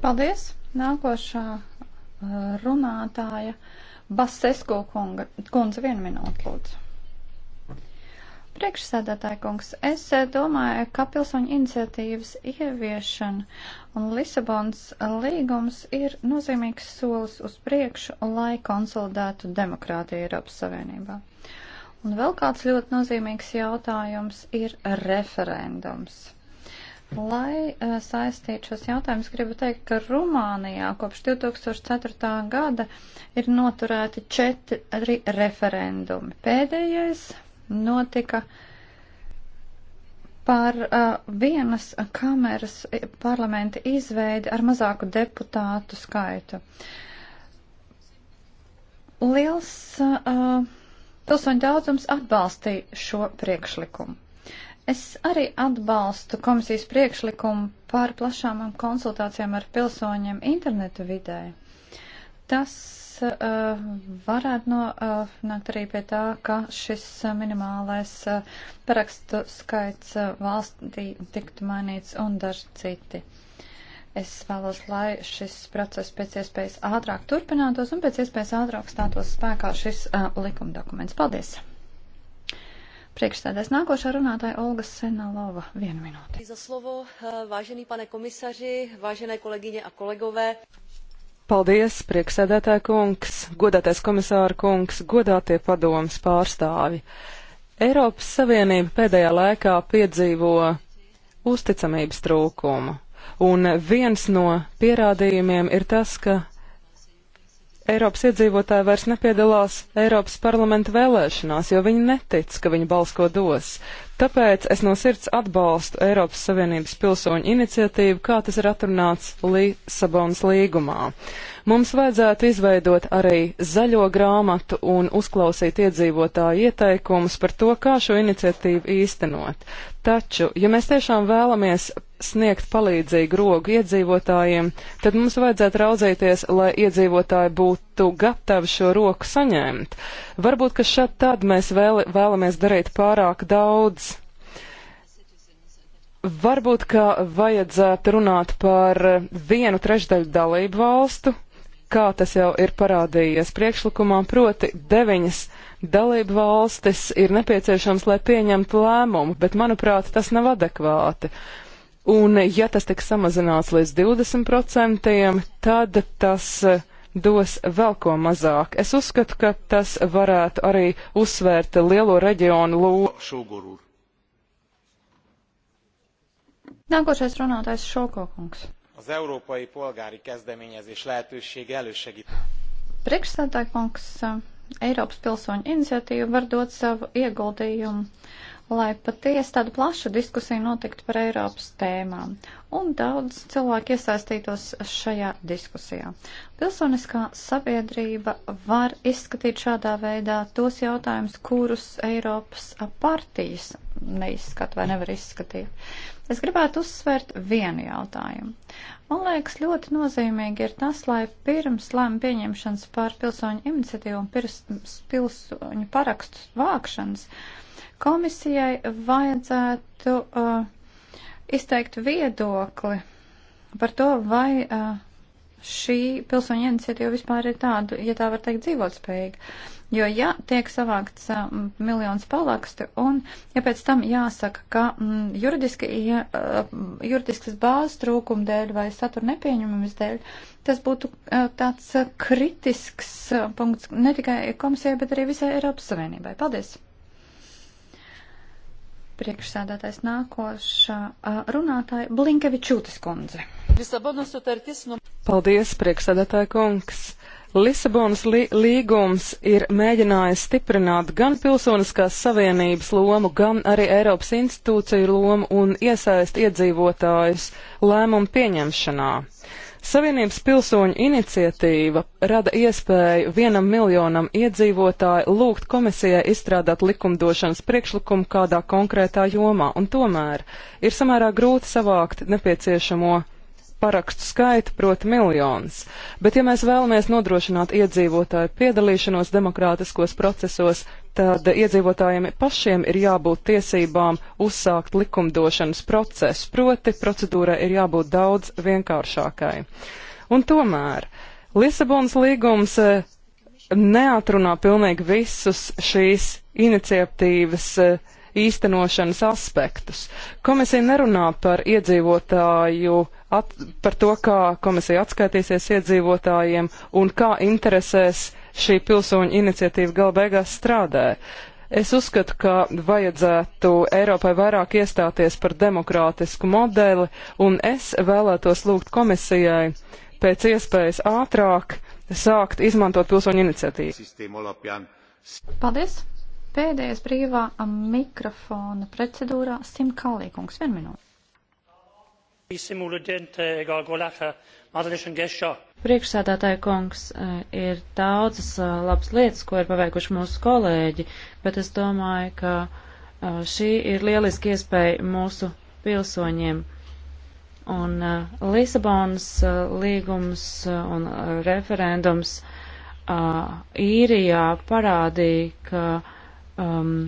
Paldies! Nākošā uh, runātāja Basesko kunga, kundze vienu minūtu lūdzu. Priekšsēdētāja kungs, es eh, domāju, ka pilsoņu iniciatīvas ieviešana un Lisabons līgums ir nozīmīgs solis uz priekšu, lai konsolidētu demokrātiju Eiropas Savienībā. Un vēl kāds ļoti nozīmīgs jautājums ir referendums. Lai eh, saistītu šos jautājumus, gribu teikt, ka Rumānijā kopš 2004. gada ir noturēti četri referendumi. Pēdējais notika par uh, vienas kameras parlamenta izveidi ar mazāku deputātu skaitu. Liels uh, pilsoņu daudzums atbalstīja šo priekšlikumu. Es arī atbalstu komisijas priekšlikumu par plašām konsultācijām ar pilsoņiem internetu vidē. Tas uh, varētu nonākt eh, uh, arī pie tā, ka šis minimālais uh, parakstu skaits uh, valstī tiktu mainīts un daži citi. Es vēlos, lai šis process pēc iespējas ātrāk turpinātos un pēc iespējas ātrāk stātos spēkā šis uh, likumdokuments. Paldies! Priekšstādēs nākošā runātāja Olga Senalova. Vienu minūti. Za slovo, vážený pane komisaři, vážené kolegyně a kolegové. Paldies, prieksēdētāja kungs, godātais komisāra kungs, godātie padomas pārstāvi. Eiropas Savienība pēdējā laikā piedzīvo uzticamības trūkumu, un viens no pierādījumiem ir tas, ka Eiropas iedzīvotāji vairs nepiedalās Eiropas parlamenta vēlēšanās, jo viņi netic, ka viņu balss ko dos. Tāpēc es no sirds atbalstu Eiropas Savienības pilsoņu iniciatīvu, kā tas ir atrunāts Lisabonas līgumā. Mums vajadzētu izveidot arī zaļo grāmatu un uzklausīt iedzīvotāju ieteikumus par to, kā šo iniciatīvu īstenot. Taču, ja mēs tiešām vēlamies sniegt palīdzīgu rogu iedzīvotājiem, tad mums vajadzētu raudzēties, lai iedzīvotāji būtu gatavi šo roku saņemt. Varbūt, ka šad tad mēs vēl, vēlamies darīt pārāk daudz Varbūt, ka vajadzētu runāt par vienu trešdaļu dalību valstu, kā tas jau ir parādījies priekšlikumā, proti deviņas dalību valstis ir nepieciešams, lai pieņemtu lēmumu, bet, manuprāt, tas nav adekvāti. Un, ja tas tiks samazināts līdz 20%, tad tas eh, dos vēl ko mazāk. Es uzskatu, ka tas varētu arī uzsvērt lielo reģionu lūgu. Nākošais runātājs Šokokungs. Az európai polgári kezdeményezés lehetősége elősegít. Priekšsēdētāj kungs, Eiropas pilsoņu iniciatīva var dot savu ieguldījumu, lai patiesi tādu plašu diskusiju notiktu par Eiropas tēmām. Un daudz cilvēku iesaistītos šajā diskusijā. Pilsoniskā sabiedrība var izskatīt šādā veidā tos jautājumus, kurus Eiropas partijas neizskat vai nevar izskatīt Es gribētu uzsvērt vienu jautājumu. Man liekas, ļoti nozīmīgi ir tas, lai pirms lēma pieņemšanas par pilsoņu iniciatīvu un pirms pilsoņu parakstu vākšanas komisijai vajadzētu uh, izteikt viedokli par to, vai uh, šī pilsoņu iniciatīva vispār ir tāda, ja tā var teikt, dzīvotspējīga. Jo, ja tiek savākts uh, miljons palakstu un, ja pēc tam jāsaka, ka mm, juridiski, ja, uh, juridiskas bāzes trūkuma dēļ vai satura nepieņemums dēļ, tas būtu uh, tāds uh, kritisks uh, punkts ne tikai komisijai, bet arī visai Eiropas Savienībai. Paldies! Priekšsēdētais nākošā uh, runātāja Blinkevičūtis kundze. Paldies, priekšsēdētāja kungs! Lisabonas li līgums ir mēģinājis stiprināt gan pilsoniskās savienības lomu, gan arī Eiropas institūciju lomu un iesaist iedzīvotājus lēmumu pieņemšanā. Savienības pilsoņu iniciatīva rada iespēju vienam miljonam iedzīvotāju lūgt komisijai izstrādāt likumdošanas priekšlikumu kādā konkrētā jomā, un tomēr ir samērā grūti savākt nepieciešamo parakstu skaitu, proti miljonus. Bet ja mēs vēlamies nodrošināt iedzīvotāju piedalīšanos demokrātiskos procesos, tad iedzīvotājiem pašiem ir jābūt tiesībām uzsākt likumdošanas procesu, proti procedūrai ir jābūt daudz vienkāršākai. Un tomēr Lisabonas līgums eh, neatrunā pilnīgi visus šīs iniciatīvas eh, īstenošanas aspektus. Komisija nerunā par iedzīvotāju uh, at, par to, kā komisija atskaitīsies iedzīvotājiem un kā interesēs šī pilsoņu iniciatīva gal beigās strādē. Es uzskatu, ka vajadzētu Eiropai vairāk iestāties par demokrātisku modeli, un es vēlētos lūgt komisijai pēc iespējas ātrāk sākt izmantot pilsoņu iniciatīvu. Paldies! Pēdējais brīvā mikrofona procedūrā Simkālīkungs. Vienu minūti. E Priekšsēdētāja kungs, eh, ir daudzas eh, labas lietas, ko ir paveikuši mūsu kolēģi, bet es domāju, ka eh, šī ir lieliski iespēja mūsu pilsoņiem. Un Lisabonas līgums un referendums īrijā parādīja, ka um,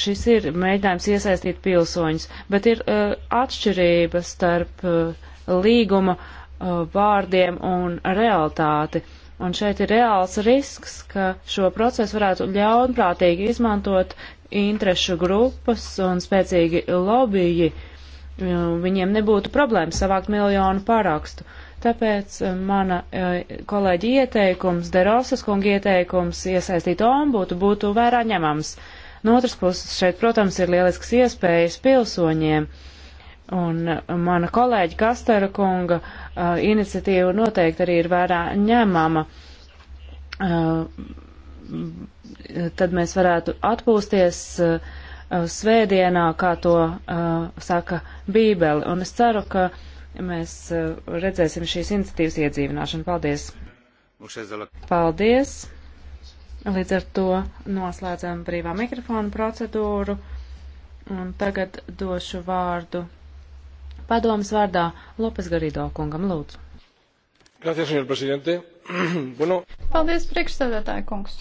Šis ir mēģinājums iesaistīt pilsoņus, bet ir uh, atšķirība starp uh, līguma uh, vārdiem un realitāti. Un šeit ir reāls risks, ka šo procesu varētu ļaunprātīgi izmantot interešu grupas un spēcīgi lobiji. Uh, viņiem nebūtu problēma savākt miljonu parakstu. Tāpēc uh, mana uh, kolēģi ieteikums, Derosas kunga ieteikums iesaistīt ombudu būtu vērā ņemams. Uh, No otras puses, šeit, protams, ir lielisks iespējas pilsoņiem. Un mana kolēģa Kastera kunga uh, iniciatīva noteikti arī ir vērā ņemama. Uh, tad mēs varētu atpūsties uh, svētdienā, kā to uh, saka Bībele. Un es ceru, ka mēs uh, redzēsim šīs iniciatīvas iedzīvināšanu. Paldies! Paldies! Līdz ar to noslēdzam brīvā mikrofonu procedūru. Un tagad došu vārdu padomas vārdā Lopes Garido kungam lūdzu. Gracias, señor presidente. bueno. Paldies, priekšsēdētāja kungs.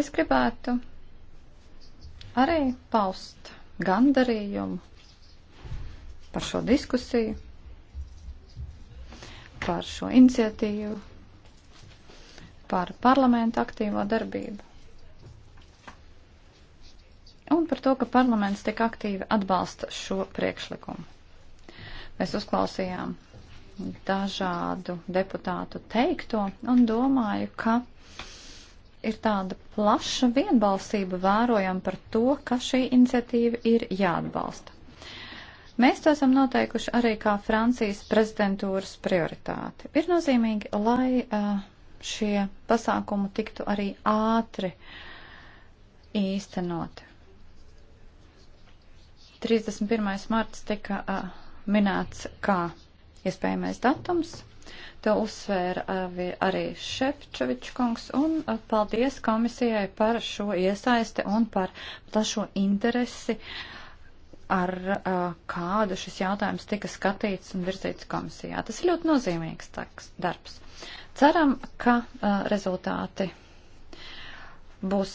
Es gribētu arī paust gandarījumu par šo diskusiju, par šo iniciatīvu, par parlamentu aktīvo darbību un par to, ka parlaments tik aktīvi atbalsta šo priekšlikumu. Mēs uzklausījām dažādu deputātu teikto un domāju, ka ir tāda plaša vienbalsība vērojama par to, ka šī iniciatīva ir jāatbalsta. Mēs to esam noteikuši arī kā Francijas prezidentūras prioritāti. Ir nozīmīgi, lai uh, šie pasākumi tiktu arī ātri īstenoti. 31. marts tika uh, minēts kā iespējamais datums. To uzsvēra uh, arī Šefčovičs kungs un uh, paldies komisijai par šo iesaisti un par plašo interesi, ar uh, kādu šis jautājums tika skatīts un virzīts komisijā. Tas ir ļoti nozīmīgs taks, darbs. Ceram, ka rezultāti būs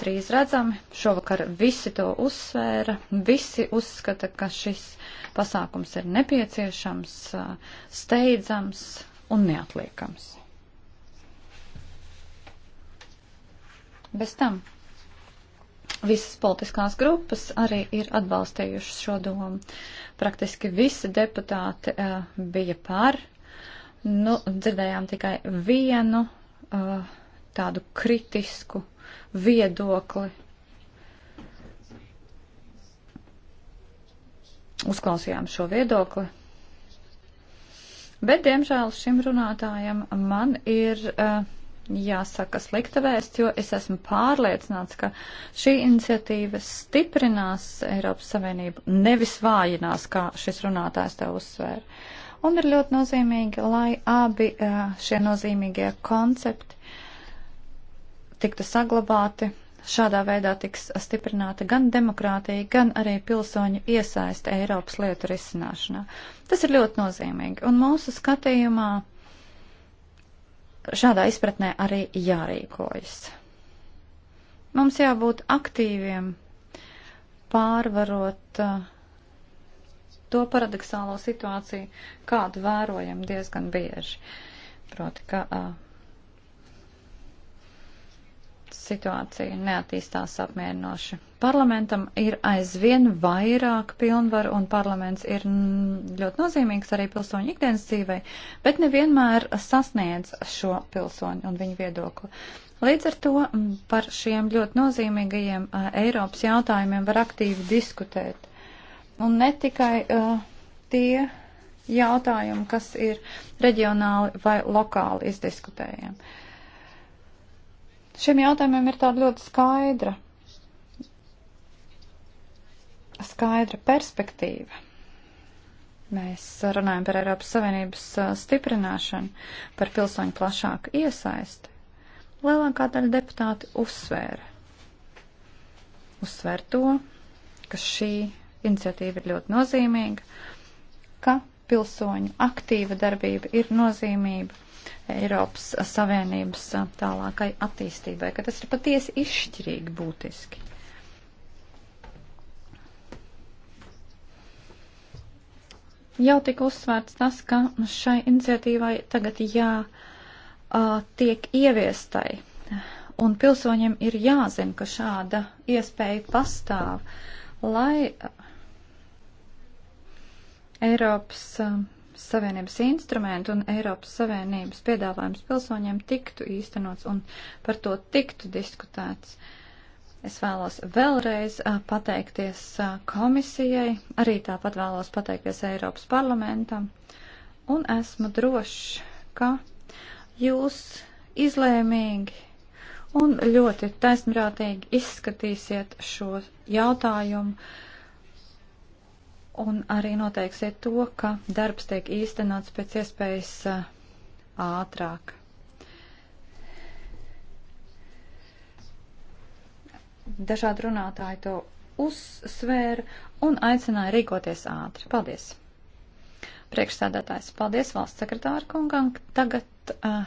drīz redzami. Šovakar visi to uzsvēra, visi uzskata, ka šis pasākums ir nepieciešams, steidzams un neatliekams. Bez tam visas politiskās grupas arī ir atbalstījušas šo domu. Praktiski visi deputāti bija par Nu, dzirdējām tikai vienu uh, tādu kritisku viedokli. Uzklausījām šo viedokli. Bet, diemžēl, šim runātājam man ir uh, jāsaka slikta vēsts, jo es esmu pārliecināts, ka šī iniciatīva stiprinās Eiropas Savienību, nevis vājinās, kā šis runātājs tev uzsvēra. Uh, Un ir ļoti nozīmīgi, lai abi eh, šie nozīmīgie koncepti tiktu saglabāti. Šādā veidā tiks stiprināta gan demokrātija, gan arī pilsoņu iesaiste Eiropas lietu risināšanā. Tas ir ļoti nozīmīgi. Un mūsu skatījumā šādā izpratnē arī jārīkojas. Mums jābūt aktīviem, pārvarot uh, to paradoxālo situāciju, kādu vērojam diezgan bieži. Proti, ka uh, situācija neattīstās apmierinoši. Parlamentam ir aizvien vairāk pilnvaru un parlaments ir ļoti nozīmīgs arī pilsoņu ikdienas dzīvē, bet nevienmēr sasniedz šo pilsoņu un viņu viedokli. Līdz ar to par šiem ļoti nozīmīgajiem Eiropas jautājumiem var aktīvi diskutēt. Un ne tikai uh, tie jautājumi, kas ir reģionāli vai lokāli izdiskutējami. Šiem jautājumiem ir tāda ļoti skaidra, skaidra perspektīva. Mēs runājam par Eiropas Savienības uh, stiprināšanu, par pilsoņu plašāku iesaisti. Lielākā daļa deputāti uzsvēra. Uzsver to, ka šī iniciatīva ir ļoti nozīmīga, ka pilsoņu aktīva darbība ir nozīmība Eiropas Savienības tālākai attīstībai, ka tas ir patiesi izšķirīgi būtiski. Jau tika uzsvērts tas, ka šai iniciatīvai tagad jā tiek ieviestai. Un pilsoņiem ir jāzina, ka šāda iespēja pastāv, lai Eiropas um, Savienības instrumentu un Eiropas Savienības piedāvājums pilsoņiem tiktu īstenots un par to tiktu diskutēts. Es vēlos vēlreiz uh, pateikties uh, komisijai, arī tāpat vēlos pateikties Eiropas parlamentam un esmu drošs, ka jūs izlēmīgi un ļoti taisnprātīgi izskatīsiet šo jautājumu un arī noteiksiet to, ka darbs tiek īstenots pēc iespējas ātrāk. Dažādi runātāji to uzsvēra un aicināja rīkoties ātri. Paldies! Priekšsēdētājs, paldies valsts sekretāra kungam. Tagad uh,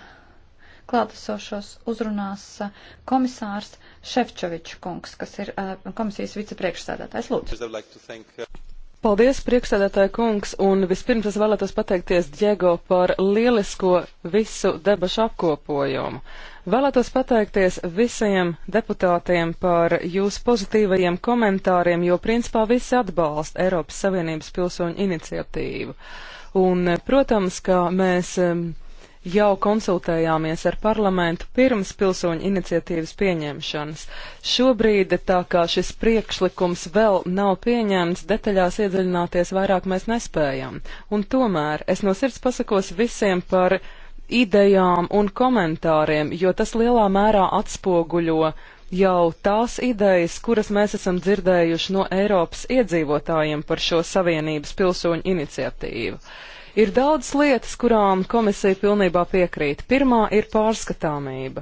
klātesošos uzrunās uh, komisārs Šefčovičs kungs, kas ir uh, komisijas vicepriekšsēdētājs. Lūdzu! Paldies, priekšsēdētāja kungs, un vispirms es vēlētos pateikties Diego par lielisko visu debašu apkopojumu. Vēlētos pateikties visiem deputātiem par jūsu pozitīvajiem komentāriem, jo principā visi atbalsta Eiropas Savienības pilsoņu iniciatīvu. Un, protams, ka mēs jau konsultējāmies ar parlamentu pirms pilsoņu iniciatīvas pieņemšanas. Šobrīd, tā kā šis priekšlikums vēl nav pieņemts, detaļās iedziļināties vairāk mēs nespējam. Un tomēr es no sirds pasakos visiem par idejām un komentāriem, jo tas lielā mērā atspoguļo jau tās idejas, kuras mēs esam dzirdējuši no Eiropas iedzīvotājiem par šo Savienības pilsoņu iniciatīvu. Uh, Ir daudz lietas, kurām komisija pilnībā piekrīt. Pirmā ir pārskatāmība.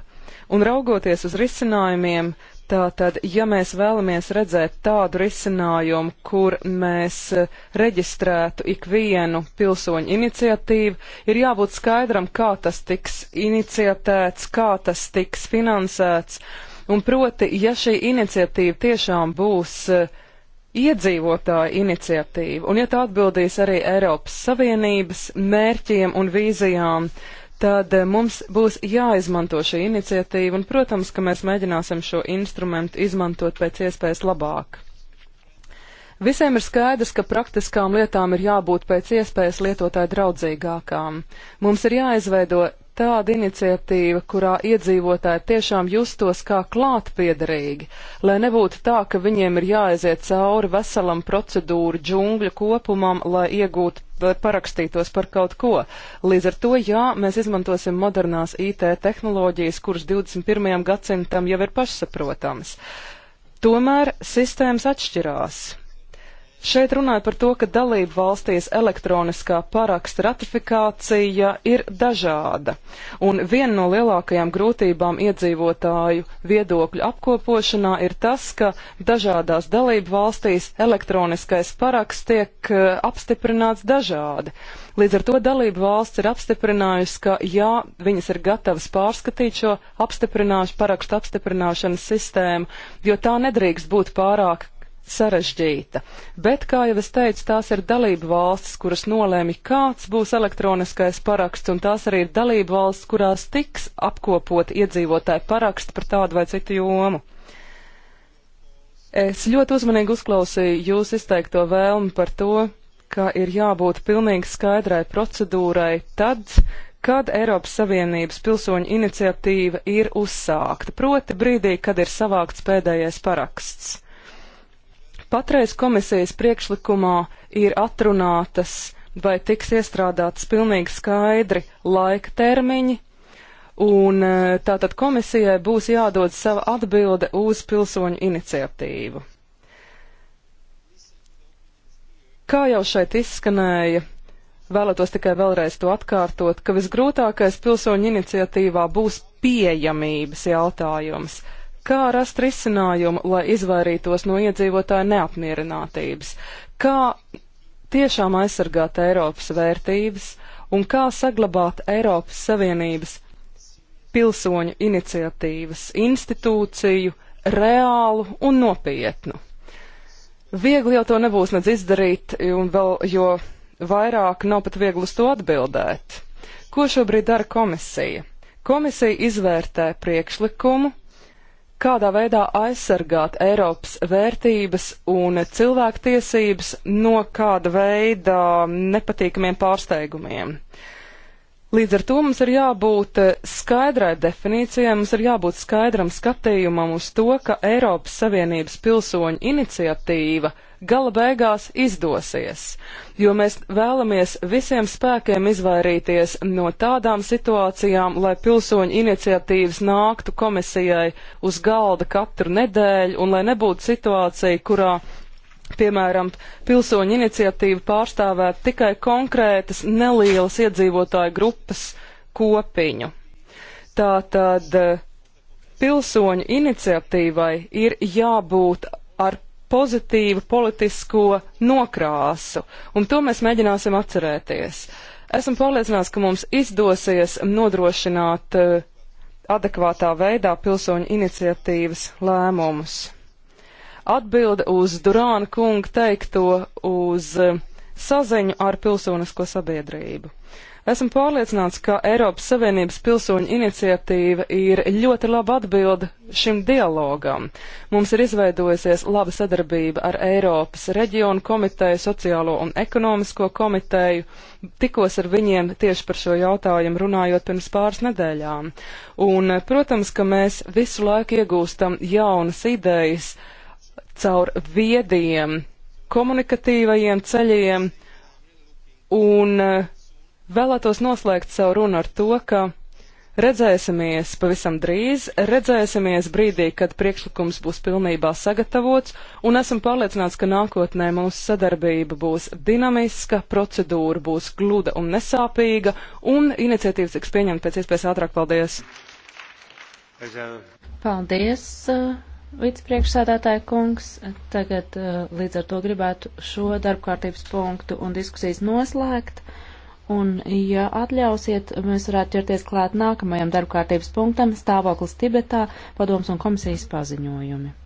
Un raugoties uz risinājumiem, Tātad, ja mēs vēlamies redzēt tādu risinājumu, kur mēs eh, reģistrētu ikvienu pilsoņu iniciatīvu, ir jābūt skaidram, kā tas tiks iniciatēts, kā tas tiks finansēts. Un proti, ja šī iniciatīva tiešām būs uh, iedzīvotāju iniciatīva, un ja tā atbildīs arī Eiropas Savienības mērķiem un vīzijām, tad eh, mums būs jāizmanto šī iniciatīva, un, protams, ka mēs mēģināsim šo instrumentu izmantot pēc iespējas labāk. Visiem ir skaidrs, ka praktiskām lietām ir jābūt pēc iespējas lietotāju draudzīgākām. Mums ir jāizveido tāda iniciatīva, kurā iedzīvotāji tiešām justos kā klātpiederīgi, lai nebūtu tā, ka viņiem ir jāaiziet cauri veselam procedūru džungļu kopumam, lai iegūtu, lai parakstītos par kaut ko. Līdz ar to, jā, mēs izmantosim modernās IT tehnoloģijas, kuras 21. gadsimtam jau ir pašsaprotams. Tomēr sistēmas atšķirās. Šeit runāja par to, ka dalību valstīs elektroniskā paraksta ratifikācija ir dažāda, un viena no lielākajām grūtībām iedzīvotāju viedokļu apkopošanā ir tas, ka dažādās dalību valstīs elektroniskais paraksts tiek uh, apstiprināts dažādi. Līdz ar to dalību valsts ir apstiprinājusi, ka jā, viņas ir gatavas pārskatīt šo apstiprināšu, parakstu apstiprināšanas sistēmu, jo tā nedrīkst būt pārāk sarežģīta. Bet, kā jau es teicu, tās ir dalību valstis, kuras nolēmi, kāds būs elektroniskais paraksts, un tās arī ir dalību valstis, kurās tiks apkopot iedzīvotāju parakstu par tādu vai citu jomu. Es ļoti uzmanīgi uzklausīju jūs izteikto vēlmi par to, ka ir jābūt pilnīgi skaidrai procedūrai tad, kad Eiropas Savienības pilsoņu iniciatīva ir uzsākta, proti brīdī, kad ir savākts pēdējais paraksts. Patreiz komisijas priekšlikumā ir atrunātas vai tiks iestrādātas pilnīgi skaidri laika termiņi, un e, tātad komisijai būs jādod sava atbilde uz pilsoņu iniciatīvu. Kā jau šeit izskanēja, vēlētos tikai vēlreiz to atkārtot, ka visgrūtākais pilsoņu iniciatīvā būs pieejamības jautājums. Kā rast risinājumu, lai izvairītos no iedzīvotāja neapmierinātības? Kā tiešām aizsargāt Eiropas vērtības un kā saglabāt Eiropas Savienības pilsoņu iniciatīvas institūciju reālu un nopietnu? Viegli jau to nebūs nedz izdarīt, un vēl, jo vairāk nav pat viegli uz to atbildēt. Ko šobrīd dara komisija? Komisija izvērtē priekšlikumu, kādā veidā aizsargāt Eiropas vērtības un cilvēktiesības no kāda veida nepatīkamiem pārsteigumiem. Līdz ar to mums ir jābūt skaidrai definīcijai, mums ir jābūt skaidram skatījumam uz to, ka Eiropas Savienības pilsoņu iniciatīva uh, gala beigās izdosies, jo mēs vēlamies visiem spēkiem izvairīties no tādām situācijām, lai pilsoņu iniciatīvas nāktu komisijai uz galda katru nedēļu un lai nebūtu situācija, kurā Piemēram, pilsoņu iniciatīva pārstāvēt tikai konkrētas nelielas iedzīvotāju grupas kopiņu. Tātad eh, pilsoņu iniciatīvai ir jābūt pozitīvu politisko nokrāsu, un to mēs mēģināsim atcerēties. Esmu pārliecināts, ka mums izdosies nodrošināt uh, adekvātā veidā pilsoņu iniciatīvas lēmumus. Atbilde uz Durāna kunga teikto uz uh, saziņu ar pilsonisko sabiedrību. Esmu pārliecināts, ka Eiropas Savienības pilsoņu iniciatīva ir ļoti laba atbilde šim dialogam. Mums ir izveidojusies laba sadarbība ar Eiropas reģionu komiteju, sociālo un ekonomisko komiteju. Tikos ar viņiem tieši par šo jautājumu runājot pirms pāris nedēļām. Un, protams, ka mēs visu laiku iegūstam jaunas idejas caur viediem, komunikatīvajiem ceļiem un uh, Vēlētos noslēgt savu runu ar to, ka redzēsimies pavisam drīz, redzēsimies brīdī, kad priekšlikums būs pilnībā sagatavots, un esam pārliecināts, ka nākotnē mūsu sadarbība būs dinamiska, procedūra būs gluda un nesāpīga, un iniciatīvas tiks pieņemta pēc iespējas ātrāk. Paldies! Paldies! Uh, vicepriekšsēdētāja kungs. Tagad uh, līdz ar to gribētu šo darbkārtības punktu un diskusijas noslēgt. Un, ja atļausiet, mēs varētu ķerties klāt nākamajam darbkārtības punktam - stāvoklis Tibetā, padoms un komisijas paziņojumi.